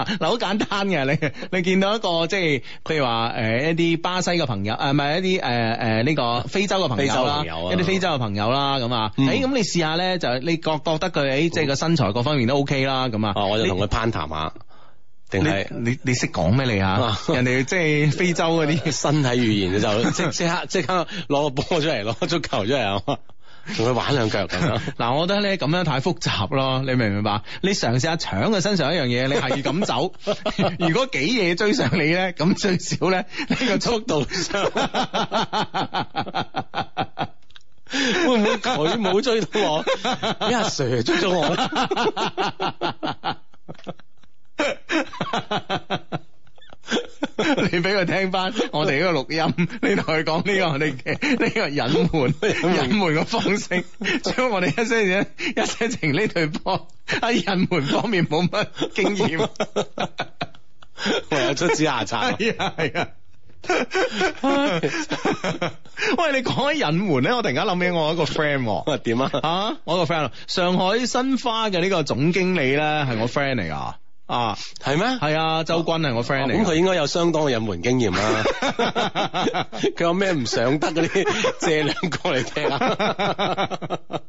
啊，嗱，好簡單嘅，你你見到一個即係，譬如話誒一啲巴西嘅朋友，誒唔係一啲誒誒呢個非洲嘅朋友啦，一啲非洲嘅朋友。啦，咁啊，誒，咁你試下咧，就你覺覺得佢誒，即係個身材各方面都 OK 啦，咁啊，我就同佢攀談下，定係你你識講咩你啊？人哋即係非洲嗰啲身體語言就即即刻即刻攞個波出嚟，攞足球出嚟，同佢玩兩腳咁樣。嗱，我覺得咧咁樣太複雜咯，你明唔明白？你嘗試下搶佢身上一樣嘢，你係咁走，如果幾嘢追上你咧，咁最少咧呢個速度。我冇 *music* *music* 追到我，因為 Sir 追咗我啦。 *laughs* *laughs* 你俾佢聽翻我哋呢個錄音，你同佢講呢個我哋嘅呢個隱瞞隱瞞嘅方式，將我哋一啲一啲情呢對波喺隱瞞方面冇乜經驗，唯 *laughs* 有 *laughs* 出此下策。 *laughs* *laughs* 係啊，係啊。喂、 *laughs* 哎，你講起隱瞞咧，我突然間諗起我一個 friend，我話點啊？啊，我一個 friend 上海申花嘅呢個總經理咧，係我 friend 嚟噶，啊，係咩？係啊，周軍係我 friend 嚟，咁佢應該有相當嘅隱瞞經驗啦。佢 *laughs* 有咩唔想得嗰啲，借兩個嚟聽，聽啊？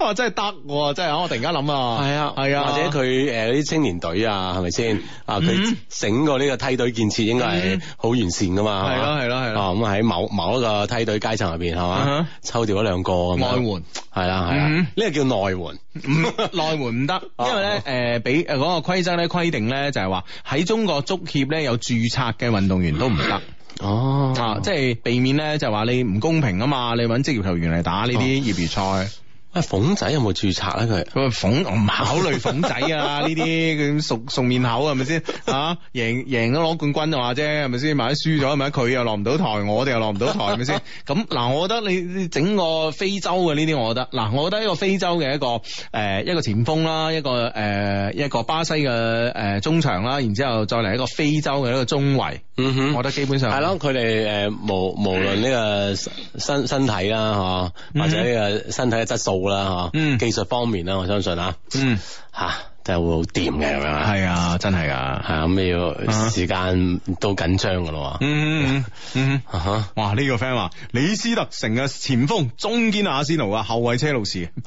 我真係得，真係我突然間諗係啊係啊，或者佢誒啲青年隊啊，係咪先啊？佢整個呢個梯隊建設應該係好完善噶嘛？係咯係咯係咯。咁喺某某一個梯隊階層入邊係嘛？抽掉一兩個外援係啦係啦，呢個叫內援，內援唔得，因為咧誒俾嗰個規則咧規定咧就係話喺中國足協咧有注冊嘅運動員都唔得哦，啊即係避免咧就係話你唔公平啊嘛，你揾職業球員嚟打呢啲業餘賽。啊，鳳仔有冇註冊咧？佢佢鳳唔考慮鳳仔啊！呢啲佢熟熟面口係咪先啊？贏贏咗攞冠軍啊，話啫，係咪先？萬一輸咗係咪？佢又落唔到台，我哋又落唔到台，係咪先？咁嗱， *laughs* 我覺得你整個非洲嘅呢啲，我覺得嗱，我覺得一個非洲嘅一個誒一個前鋒啦，一個誒一個、呃、一個巴西嘅誒、呃、中場啦，然之後再嚟一個非洲嘅一個中衛，嗯、哼我覺得基本上係咯，佢哋誒無無論呢個身身體啦，嗬，或者呢個身體嘅、嗯、質素。嗯嗯啦嗬，嗯、技術方面啦，我相信啊，嗯吓，真係會好掂嘅咁樣啊，係啊，真係噶，係咁要時間都緊張噶咯喎，嗯嗯啊哈，哇呢、這個 friend 話李斯特城嘅前鋒、中堅阿仙奴啊，後衛車路士， *laughs*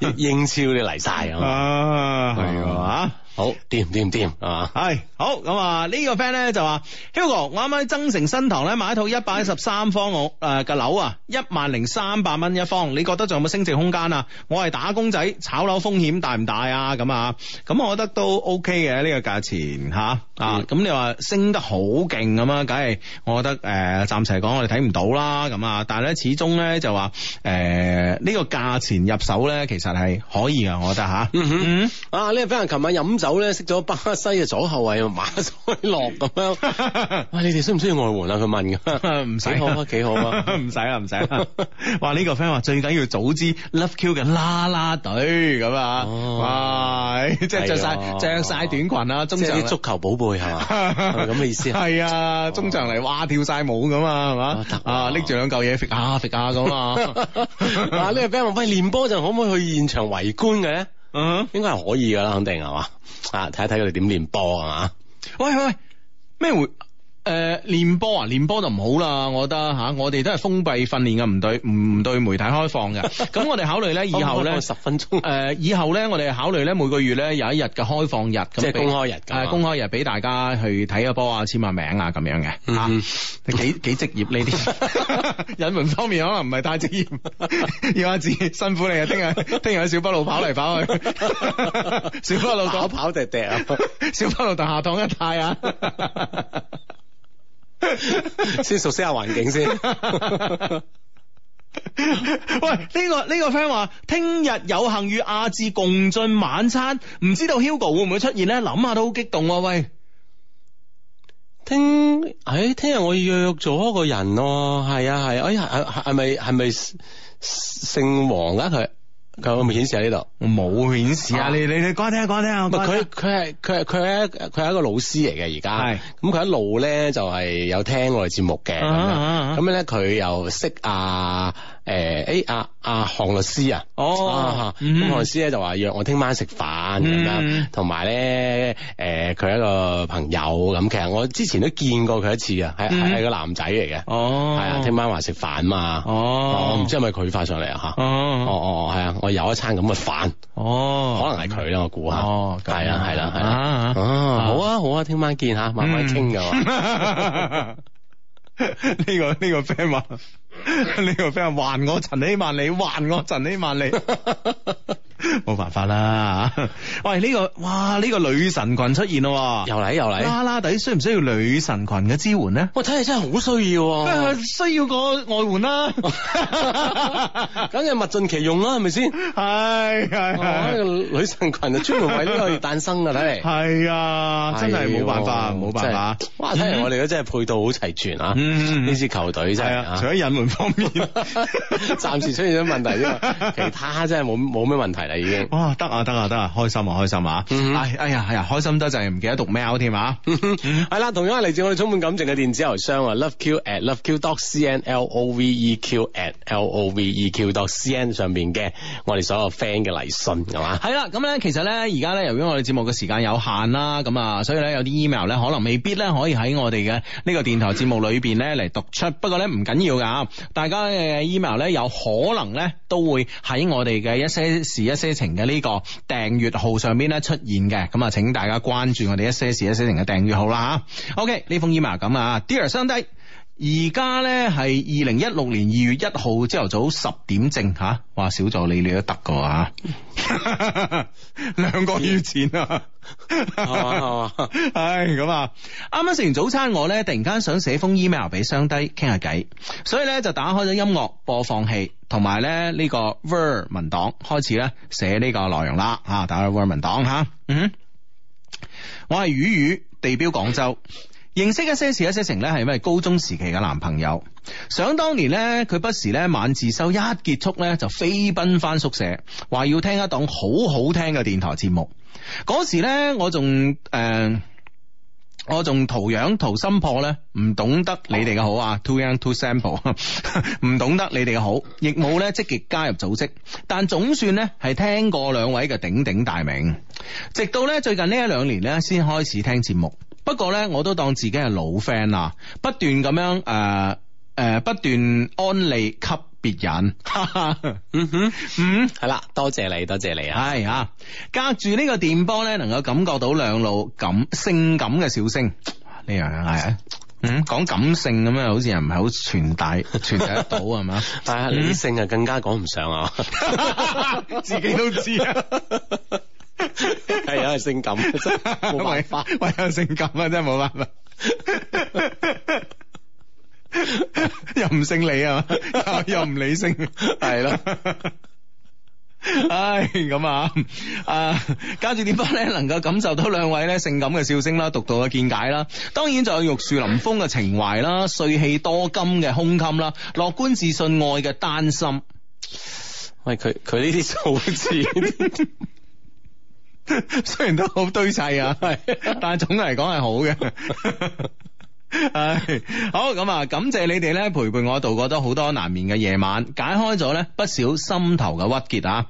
*laughs* 英超你嚟晒啊。係啊。啊好掂掂掂啊，係好咁啊！呢、呢個 friend 咧就話，Hugo，我啱啱喺增城新塘咧買一套一百一十三方屋誒嘅樓啊，一、嗯、萬零三百蚊一方，你覺得仲有冇升值空間啊？我係打工仔，炒樓風險大唔大啊？咁啊？咁我覺得都 OK 嘅呢、呢個價錢吓啊！咁、嗯啊、你話升得好勁咁啊？梗係我覺得誒、呃，暫時嚟講我哋睇唔到啦咁啊！但係咧始終咧就話誒呢個價錢入手咧，其實係可以啊我覺得吓、啊。嗯哼，啊呢個 friend 啊，琴、呢個、晚飲酒。有咧識咗巴西嘅左後衞馬塞洛咁樣， *laughs* 喂你哋需唔需要外援啊？佢問噶，唔使好吖？幾好吖？唔使啊，唔使。 *laughs* 話、這、呢個 friend 話最緊要組織 Love Q 嘅啦啦隊咁啊，哇！哦、即係着晒著曬短裙啊，中場啲足球寶貝係嘛？係咁嘅意思啊？係啊，中場嚟哇跳晒舞咁啊，係嘛？啊拎住兩嚿嘢揈下揈下咁啊！呢、啊、 *laughs* S 2笑個 friend 話喂練波陣可唔可以去現場圍觀嘅？應該係可以噶啦，肯定係嘛？啊，睇一睇佢哋點練波啊！係嘛，喂喂，咩會？誒，練波啊，練波就唔好啦，我覺得吓、啊，我哋都係封閉訓練嘅，唔對，唔對媒體開放嘅。咁 *laughs* 我哋考慮咧，以後咧十分鐘。誒， *laughs* 以後咧我哋考慮咧，每個月咧有一日嘅開放日，即係公開日，啊，公開日俾大家去睇下波啊，簽下名啊，咁樣嘅吓。幾幾職業呢啲？引援 *laughs* 方面可能唔係太職業， *laughs* *laughs* 要阿志辛苦你啊，聽日聽日小北路跑嚟跑去， *laughs* *laughs* 小北路跑跑趯趯啊， *laughs* 小北路下大下躺一太啊。 *laughs* *laughs* 先熟悉下環境先。 *laughs* *laughs* 喂，呢、這個呢、這個 friend 話聽日有幸與阿志共進晚餐，唔知道 Hugo 會唔會出現咧？諗下都好激動啊！喂，聽，誒、哎，聽日我約咗一個人咯、啊，係啊係，哎係係咪係咪姓王啊佢？佢有冇顯示喺呢度，我冇顯示啊！你你你講聽，聽下，講聽下。佢佢係佢係佢係佢係一個老師嚟嘅而家，咁佢是一路咧就係、是、有聽我哋節目嘅咁、啊啊啊啊、樣，咁咧佢又識啊。誒，誒，阿阿項律師啊，哦，咁項律師咧就話約我聽晚食飯咁樣，同埋咧，誒，佢一個朋友，咁其實我之前都見過佢一次啊，係係個男仔嚟嘅。哦，係啊，聽晚話食飯嘛，哦，我唔知係咪佢發上嚟啊，哦，哦哦，係啊，我有一餐咁嘅飯，哦，可能係佢啦，我估下，哦，係啊，係啦係啦，啊，好啊好啊，聽晚見吓，慢慢傾㗎嘛。呢個呢個 friend 話，呢個 friend 話，還我陳希萬里，還我陳希萬里。冇辦法啦！喂，呢個哇，呢個女神群出現咯，又嚟又嚟，拉拉底需唔需要女神群嘅支援咧？我睇嚟真係好需要，需要個外援啦，梗係物盡其用啦，係咪先？係係女神群啊，專門為呢個而誕生噶，睇嚟係啊，真係冇辦法，冇辦法。哇，睇嚟我哋都真係配套好齊全啊！嗯嗯嗯，呢支球隊真係，除咗引援方面暫時出現咗問題之外，其他真係冇冇咩問題。嚟嘅，哇，得啊得啊得啊，開心啊開心啊！心啊嗯、哎哎呀係啊開心得就係唔記得讀 mail 添啊！係 *laughs* 啦， *laughs* 同樣係嚟自我哋充滿感情嘅電子郵箱 loveq@loveq.cn loveq@loveq.cn，e e，上邊嘅我哋所有 friend 嘅嚟信，係嘛？係啦，咁咧 *laughs* 其實咧而家咧由於我哋節目嘅時間有限啦，咁啊所以咧有啲 email 咧可能未必咧可以喺我哋嘅呢個電台節目裏邊咧嚟讀出，不過咧唔緊要噶，大家嘅 email 咧有可能咧都會喺我哋嘅一些事一。些情嘅呢個訂閱號上邊咧出現嘅，咁啊請大家關注我哋一些事一些情嘅訂閱號啦吓。OK，呢封 email 咁啊，Dear Sunday。而家咧係二零一六年二月一號朝頭早十點正吓，哇，小助理，你你都得噶吓，兩、啊、個月前啊，唉、嗯，咁啊哈，啱啱食完早餐我呢，我咧突然間想寫封 email 俾商低傾下偈，所以咧就打開咗音樂播放器，同埋咧呢、這個 Word 文檔開始咧寫呢個內容啦，吓打開 Word 文檔吓、啊，嗯，我係雨雨地標廣州。 *coughs* 認識一些事、一些情咧，係因為高中時期嘅男朋友，想當年咧，佢不時咧晚自修一結束咧，就飛奔翻宿舍，話要聽一檔好好聽嘅電台節目。嗰時咧、呃，我仲誒，我仲圖樣圖心破咧，唔懂得你哋嘅好啊、oh，too young too simple 唔 *laughs* 懂得你哋嘅好，亦冇咧積極加入組織，但總算咧係聽過兩位嘅鼎鼎大名，直到咧最近呢一兩年咧，先開始聽節目。不過咧，我都當自己係老 friend 啦，不斷咁樣誒誒，不斷安利給別人。 *laughs* 嗯哼，嗯，係啦，多謝你，多謝你啊。係啊的，隔住呢個電波咧，能夠感覺到兩路感性感嘅小聲，呢樣係啊。嗯，講感性咁樣，好似又唔係好傳達傳達得到係嘛？但係理性啊，更加講唔上啊， *laughs* *laughs* 自己都知啊。 *laughs* 係啊，性感，冇辦法，唯有性感啊，真係冇辦法，又唔姓李啊，又唔理性，係 *laughs* 咯的，唉，咁啊，啊，跟住點翻咧？能夠感受到兩位咧性感嘅笑聲啦，獨到嘅見解啦，當然就有玉樹臨風嘅情懷啦，帥氣多金嘅胸襟啦，樂觀自信愛嘅擔心。喂，佢佢呢啲數字。 *laughs* *laughs* 雖然都好堆砌啊， *laughs* *laughs* 但係總嚟講係好嘅。唉， *laughs* *laughs* 好咁啊，感謝你哋呢，陪伴我度過咗好多難眠嘅夜晚，解開咗呢不少心頭嘅鬱結啊。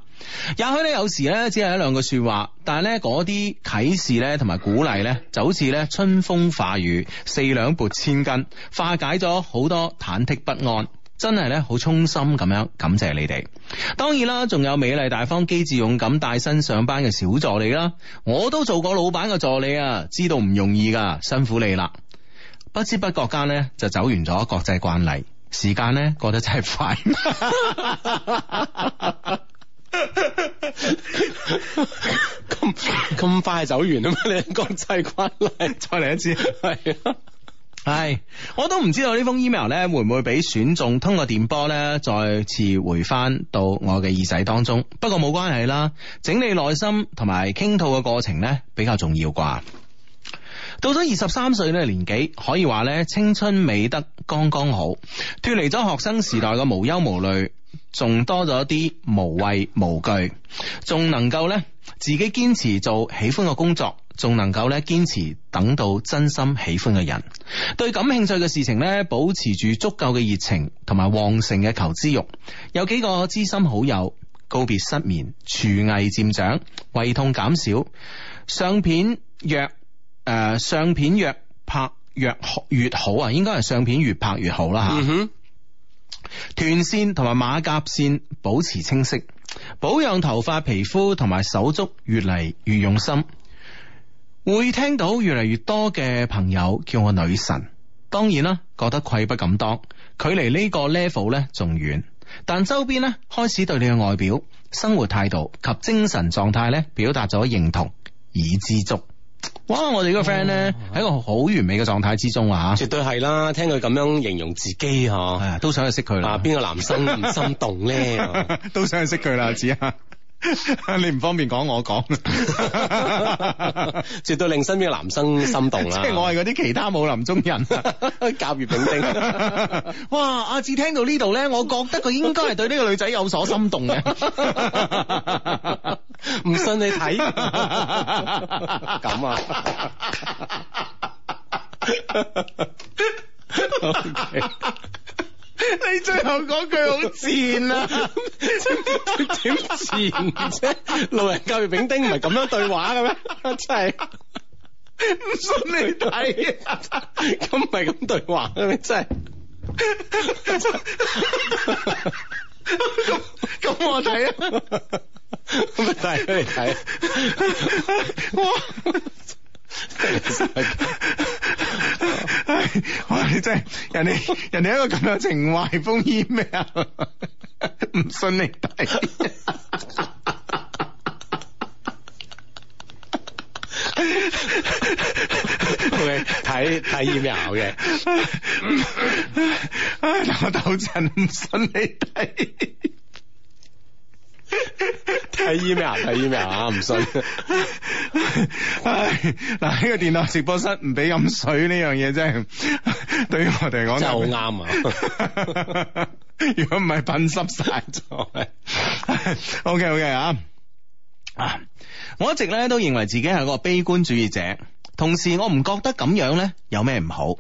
也許呢有時呢，只係一兩句說話，但係呢嗰啲啟示呢，同埋鼓勵呢，就好似呢春風化雨，四兩撥千斤，化解咗好多忐忑不安。真係咧，好衷心咁樣感謝你哋，當然啦，仲有美麗大方、機智勇敢、帶薪上班嘅小助理啦，我都做過老闆嘅助理啊，知道唔容易噶，辛苦你啦。不知不覺間咧，就走完咗國際慣例，時間咧過得真係快。咁 *laughs* 咁 *laughs* 快，快走完啊嘛？你國際慣例再嚟一次，係 *laughs* 啊。係，我都唔知道呢封 email 咧，會唔會俾選中通過電波咧再次回翻到我嘅耳仔當中。不過冇關係啦，整理內心同埋傾吐嘅過程咧比較重要啩。到咗二十三歲呢年紀，可以話咧青春美得剛剛好，脫離咗學生時代嘅無憂無慮，仲多咗啲無畏無懼，仲能夠咧自己堅持做喜歡嘅工作。仲能夠咧堅持等到真心喜歡嘅人，對感興趣嘅事情呢，保持住足夠嘅熱情同埋旺盛嘅求知欲。有幾個知心好友，告別失眠，廚藝漸長，胃痛減少。相片越誒、呃，相片越拍越越好啊！應該係相片越拍越好啦吓。嗯哼。斷線同埋馬甲線保持清晰，保養頭髮、皮膚同埋手足越嚟越用心。會聽到越嚟越多嘅朋友叫我女神，當然啦，覺得愧不敢當，距離呢個 level 咧仲遠，但周邊咧開始對你嘅外表、生活態度及精神狀態咧表達咗認同，已知足。哇，我哋呢個 friend 咧喺一個好完美嘅狀態之中啊，絕對係啦，聽佢咁樣形容自己，嗬、啊，都想去識佢啦，邊個男生唔心動咧， *laughs* 都想去識佢啦，子啊。 *laughs* 你唔方便講，我講， *laughs* *laughs* 絕對令身邊嘅男生心動啦。 *laughs* 即係我係嗰啲其他武林中人，甲乙丙丁。 *laughs* 哇，阿志聽到呢度咧，我覺得佢應該係對呢個女仔有所心動嘅。唔 *laughs* *laughs* 信你睇。咁 *laughs* *laughs* 樣啊？ *laughs* Okay . *laughs* 你最後嗰句好賤啦，啊 *laughs* 啊，點賤啫？路人甲乙丙丁唔係咁樣對話嘅咩？真係唔信你睇，看，啊 *laughs* *laughs* 我，咁唔係咁對話嘅咩？真係咁咁我睇啊，咁咪睇俾你睇哇！唉，我 *noise* 哋真係人哋人哋一個咁有情懷封 email 咩啊？唔信你睇，會睇睇 email 嘅。唉，等我抖陣，唔信你睇。睇 *laughs* email 睇 email 啊，唔信？ *laughs* 唉，嗱、這、呢個電腦直播室唔俾飲水呢樣嘢真係， *laughs* 對於我哋嚟講真係好啱啊！如果唔係，噴濕晒咗。O K O K 啊，啊，我一直咧都認為自己係個悲觀主義者，同時我唔覺得咁樣咧有咩唔好。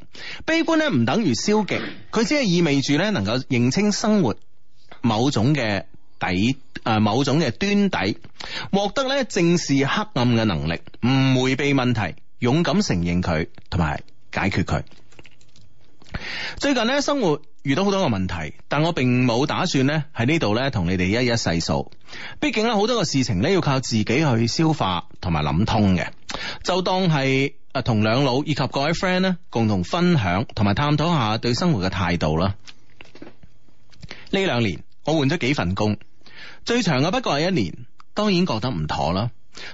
悲觀咧唔等於消極，佢只係意味住咧能夠認清生活某種嘅。底誒、呃，某種嘅端底，獲得咧正視黑暗嘅能力，唔回避問題，勇敢承認佢，同埋解決佢。最近咧生活遇到好多個問題，但我並冇打算咧喺呢度咧同你哋一一細數。畢竟咧好多嘅事情咧要靠自己去消化同埋諗通嘅，就當係誒同兩老以及各位 friend 咧共同分享同埋探討下對生活嘅態度啦。呢兩年我換咗幾份工。最長嘅不過係一年，當然覺得唔妥啦。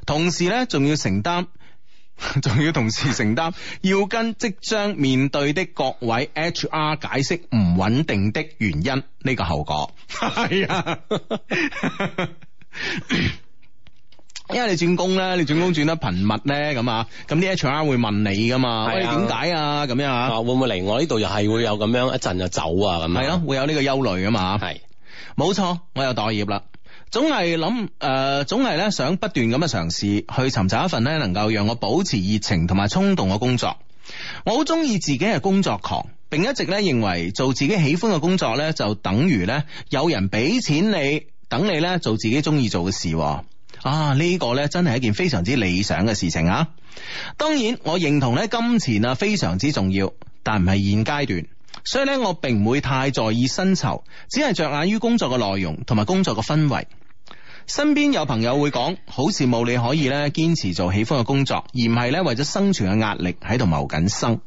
同時咧，仲要承擔，仲要同時承擔，要跟即將面對的各位 H R 解釋唔穩定的原因呢個後果。係是啊， *laughs* 因為你轉工咧，你轉工轉得頻密咧，咁啊，咁啲 H R 會問你噶嘛？喂，點解啊？咁樣啊？會唔會嚟我呢度？又係會有咁樣一陣就走啊？咁啊？係咯，會有呢個憂慮噶嘛？係是，冇錯，我又待業啦。總係諗誒，總係咧想不斷咁嘅嘗試去尋找一份咧能夠讓我保持熱情同埋衝動嘅工作。我好中意自己係工作狂，並一直咧認為做自己喜歡嘅工作咧就等於咧有人俾錢你，等你咧做自己中意做嘅事啊。啊，呢個咧真係一件非常之理想嘅事情啊！當然，我認同咧金錢啊非常之重要，但唔係現階段，所以咧我並唔會太在意薪酬，只係着眼於工作嘅內容同埋工作嘅氛圍。身邊有朋友會講好羨慕你可以咧堅持做喜歡嘅工作，而唔係咧為咗生存嘅壓力喺度謀緊生。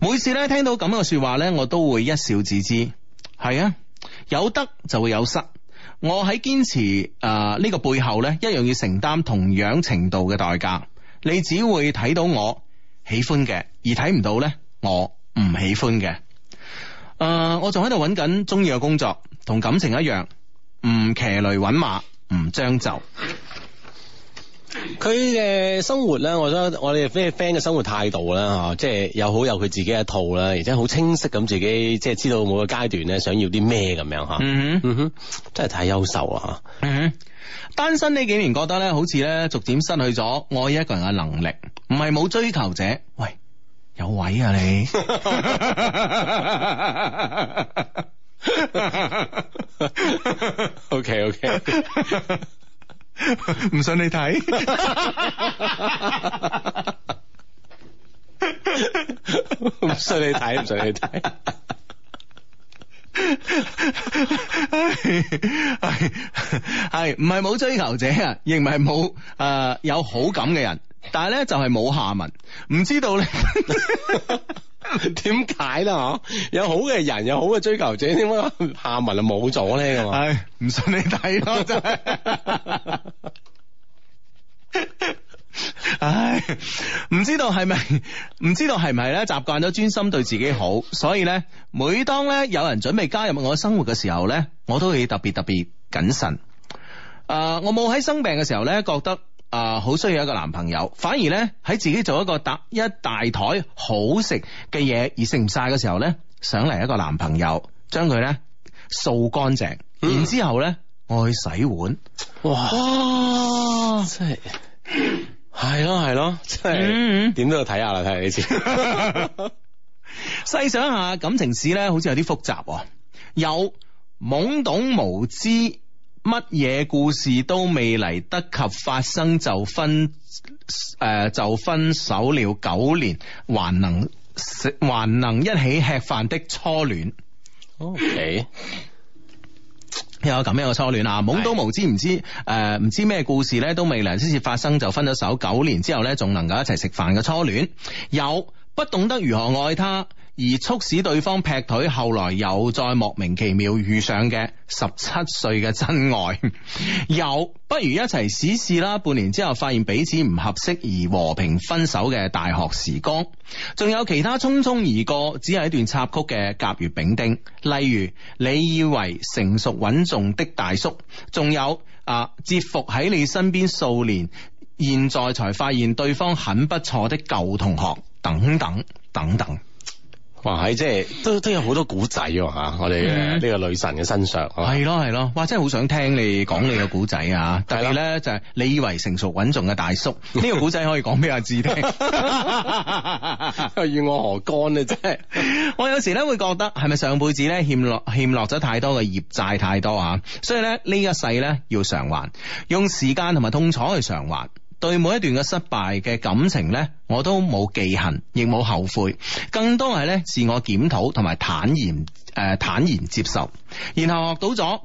每次咧聽到咁樣嘅說話咧，我都會一笑置之。係啊，有得就會有失。我喺堅持誒呢、呃這個背後咧，一樣要承擔同樣程度嘅代價。你只會睇到我喜歡嘅，而睇唔到咧我唔喜歡嘅。誒、呃，我仲喺度揾緊中意嘅工作，同感情一樣，唔騎驢揾馬。唔將就，佢嘅生活咧，我覺得我哋啲 friend 嘅生活態度啦，吓，即係有好有佢自己一套啦，而且好清晰咁自己，即係知道每個階段咧想要啲咩咁樣吓。嗯哼，真係太優秀啦吓。Mm hmm. 單身呢幾年覺得咧，好似咧逐漸失去咗愛一個人嘅能力，唔係冇追求者，喂，有位啊你。 *laughs* *laughs* O K O K，唔信你睇，唔 *laughs* 信你睇，唔信你睇，係係唔係冇追求者啊？亦唔係冇誒有好感嘅人。但係咧，就係冇下文，唔知道咧點解啦。有好嘅人，有好嘅追求者，點解下文就冇咗咧？咁啊，唔信你睇咯，真係。 *laughs* 唉，唔知道係咪？唔知道係唔係咧？習慣咗專心對自己好，所以咧，每當咧有人準備加入我生活嘅時候咧，我都會特別特別謹慎。誒、呃，我冇喺生病嘅時候咧，覺得。啊，好、uh, 需要一個男朋友，反而咧喺自己做一個搭一大台好食嘅嘢而食唔晒嘅時候咧，想嚟一個男朋友將佢咧掃乾淨，然後之後咧我去洗碗。哇，哇真係，係咯係咯，真係點、嗯、都要睇下啦，睇 *laughs* 下呢次。細想下感情史咧，好似有啲複雜，有懵懂無知。乜嘢故事都未嚟得及發生就分誒、呃、就分手了九年，還能食還能一起吃飯的初戀？OK，有咁樣嘅初戀啊？懵懂無知唔知誒唔、呃、知咩故事咧，都未嚟先至發生就分咗手九年之後咧，仲能夠一齊食飯嘅初戀？有不懂得如何愛他。而促使對方劈腿，後來又再莫名其妙遇上嘅十七歲嘅真愛， *laughs* 有不如一齊試試啦。半年之後發現彼此唔合適而和平分手嘅大學時光，仲有其他匆匆而過，只係一段插曲嘅甲乙丙丁，例如你以為成熟穩重的大叔，仲有啊蟄伏喺你身邊數年，現在才發現對方很不錯的舊同學，等等等等。哇！喺即係都都有好多古仔喎，我哋呢、嗯、個女神嘅身上係咯係咯，哇！真係好想聽你講你嘅古仔啊！是的 特別咧就係、是、你以為成熟穩重嘅大叔呢是的 個古仔可以講俾阿志聽，與我何干啊！真係，我有時咧會覺得係咪上輩子咧欠落欠落咗太多嘅業債太多啊，所以咧呢一世咧要償還，用時間同埋痛楚去償還。對每一段嘅失敗嘅感情呢，我都冇記恨，亦冇後悔，更多係呢自我檢討同埋坦然誒坦然接受，然後學到咗，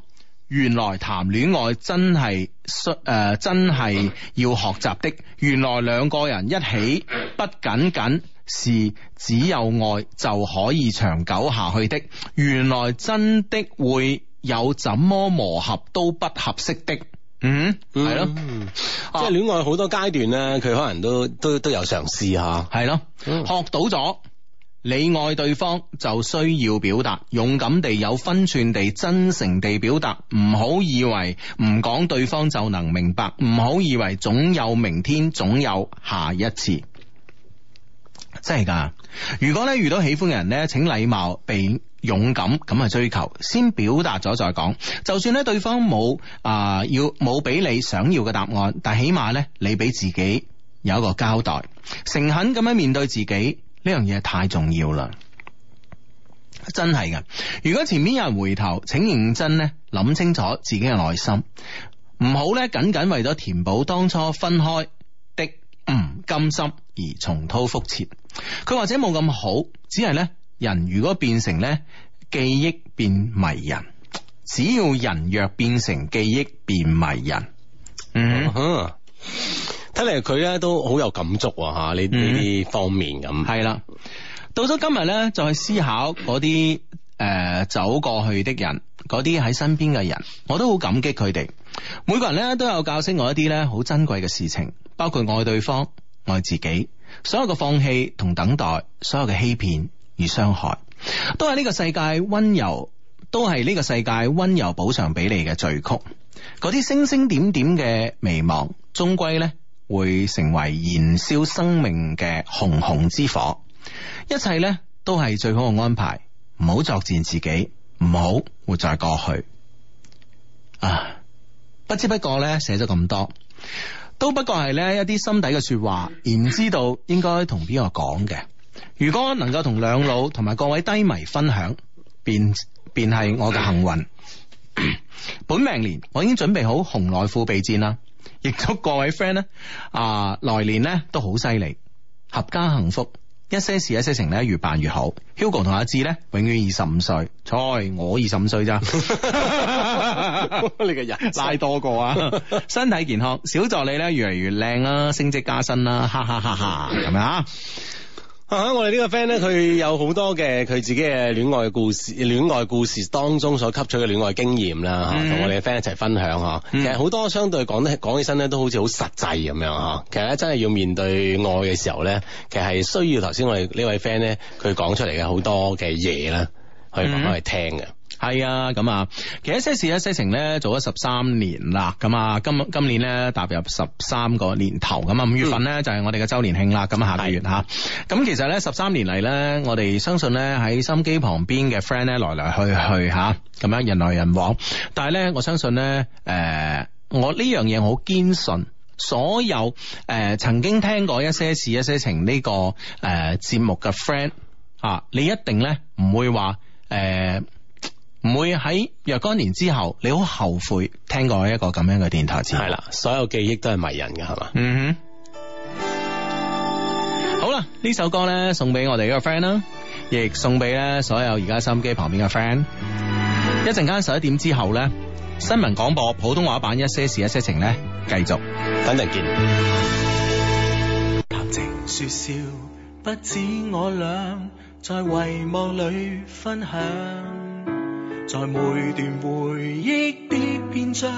原來談戀愛真係需誒真係要學習的，原來兩個人一起不僅僅是只有愛就可以長久下去的，原來真的會有怎麼磨合都不合適的。嗯，係咯，嗯、即係戀愛好多階段咧，佢、啊、可能都都都有嘗試吓，係咯的，嗯、學到咗，你愛對方就需要表達，勇敢地、有分寸地、真誠地表達，唔好以為唔講對方就能明白，唔好以為總有明天，總有下一次。真係噶！如果咧遇到喜歡嘅人咧，請禮貌、被勇敢咁去追求，先表達咗再講。就算咧對方冇啊、呃，要冇俾你想要嘅答案，但起碼咧你俾自己有一個交代，誠懇咁樣面對自己呢樣嘢太重要啦！真係噶！如果前面有人回頭，請認真咧諗清楚自己嘅內心，唔好咧僅僅為咗填補當初分開的唔、嗯、甘心。而重蹈覆轍，佢或者冇咁好，只係咧人如果變成咧記憶變迷人，只要人若變成記憶變迷人，嗯哼、啊哈，睇嚟佢咧都好有感觸啊吓呢呢方面咁係啦。到咗今日咧，就去思考嗰啲誒走過去的人，嗰啲喺身邊嘅人，我都好感激佢哋。每個人咧都有教識我一啲咧好珍貴嘅事情，包括愛對方。愛自己，所有嘅放棄同等待，所有嘅欺騙與傷害，都係呢個世界溫柔，都係呢個世界溫柔補償俾你嘅序曲。嗰啲星星點點嘅微茫，終歸呢會成為燃燒生命嘅熊熊之火。一切呢都係最好嘅安排，唔好作踐自己，唔好活在過去。啊，不知不覺呢，寫咗咁多。都不過係呢一啲心底嘅說話，而唔知道應該同邊個講嘅。如果能夠同兩老同埋各位低迷分享，便便係我嘅幸運。 *coughs* 本命年我已經準備好紅內褲備戰啦，亦祝各位 friend 呢，啊來年呢都好犀利，合家幸福。一些事一些情咧越辦越好。Hugo 同阿志咧永遠二十五歲，菜、哎、我二十五歲咋？ *laughs* *laughs* 你個人拉多過啊！ *laughs* *laughs* 身體健康，小助理咧越嚟越靚啦、啊，升職加薪啦、啊，哈哈哈哈咁樣啊！啊、我哋呢個 friend 咧，佢有好多嘅，佢自己嘅戀愛故事，戀愛故事當中所吸取嘅戀愛經驗啦，吓、啊、同我哋嘅 friend 一齊分享吓、啊。其實好多相對講咧，講起身咧都好似好實際咁樣吓。其實咧真係要面對愛嘅時候咧，其實係需要頭先我哋呢位 friend 咧，佢講出嚟嘅好多嘅嘢咧，去慢慢去聽嘅。係啊，咁啊，其實一些事一些情咧做咗十三年啦，咁啊，今今年咧踏入十三個年頭，咁啊，五月份咧就係我哋嘅周年慶啦。咁啊，下個月吓咁，是的 其實咧十三年嚟，咧，我哋相信咧喺心機旁邊嘅 friend 咧來來去去吓咁樣人來人往，但係咧我相信咧誒、呃，我呢樣嘢好堅信，所有誒、呃、曾經聽過一些事一些情呢、這個誒節、呃、目嘅 friend 啊，你一定咧唔會話誒。呃唔會喺若干年之後，你好後悔聽過一個咁樣嘅電台節目。係啦，所有記憶都係迷人嘅，係嘛？嗯哼。好啦，呢首歌咧送俾我哋嗰個 friend 啦，亦送俾咧所有而家收音機旁邊嘅 friend。一陣間十一點之後咧，新聞廣播普通話版《一些事一些情》咧繼續。等陣見。談情說笑，不止我倆在遺夢裏分享。 *music* 在每段回憶的篇章，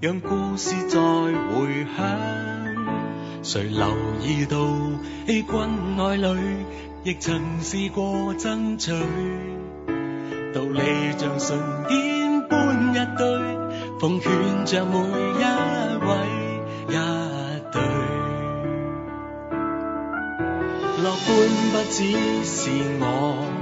讓故事再回響。誰留意到欺君愛侶，亦曾試過爭取。道理像信件般一堆，奉勸着每一位一對。樂觀不只是我。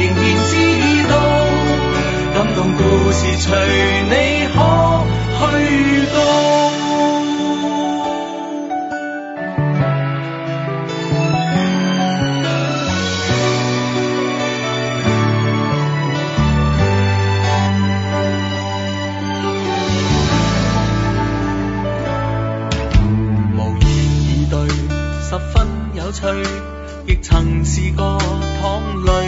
仍然知道，感動故事隨你可去到。無言以對，十分有趣，亦曾試過淌淚。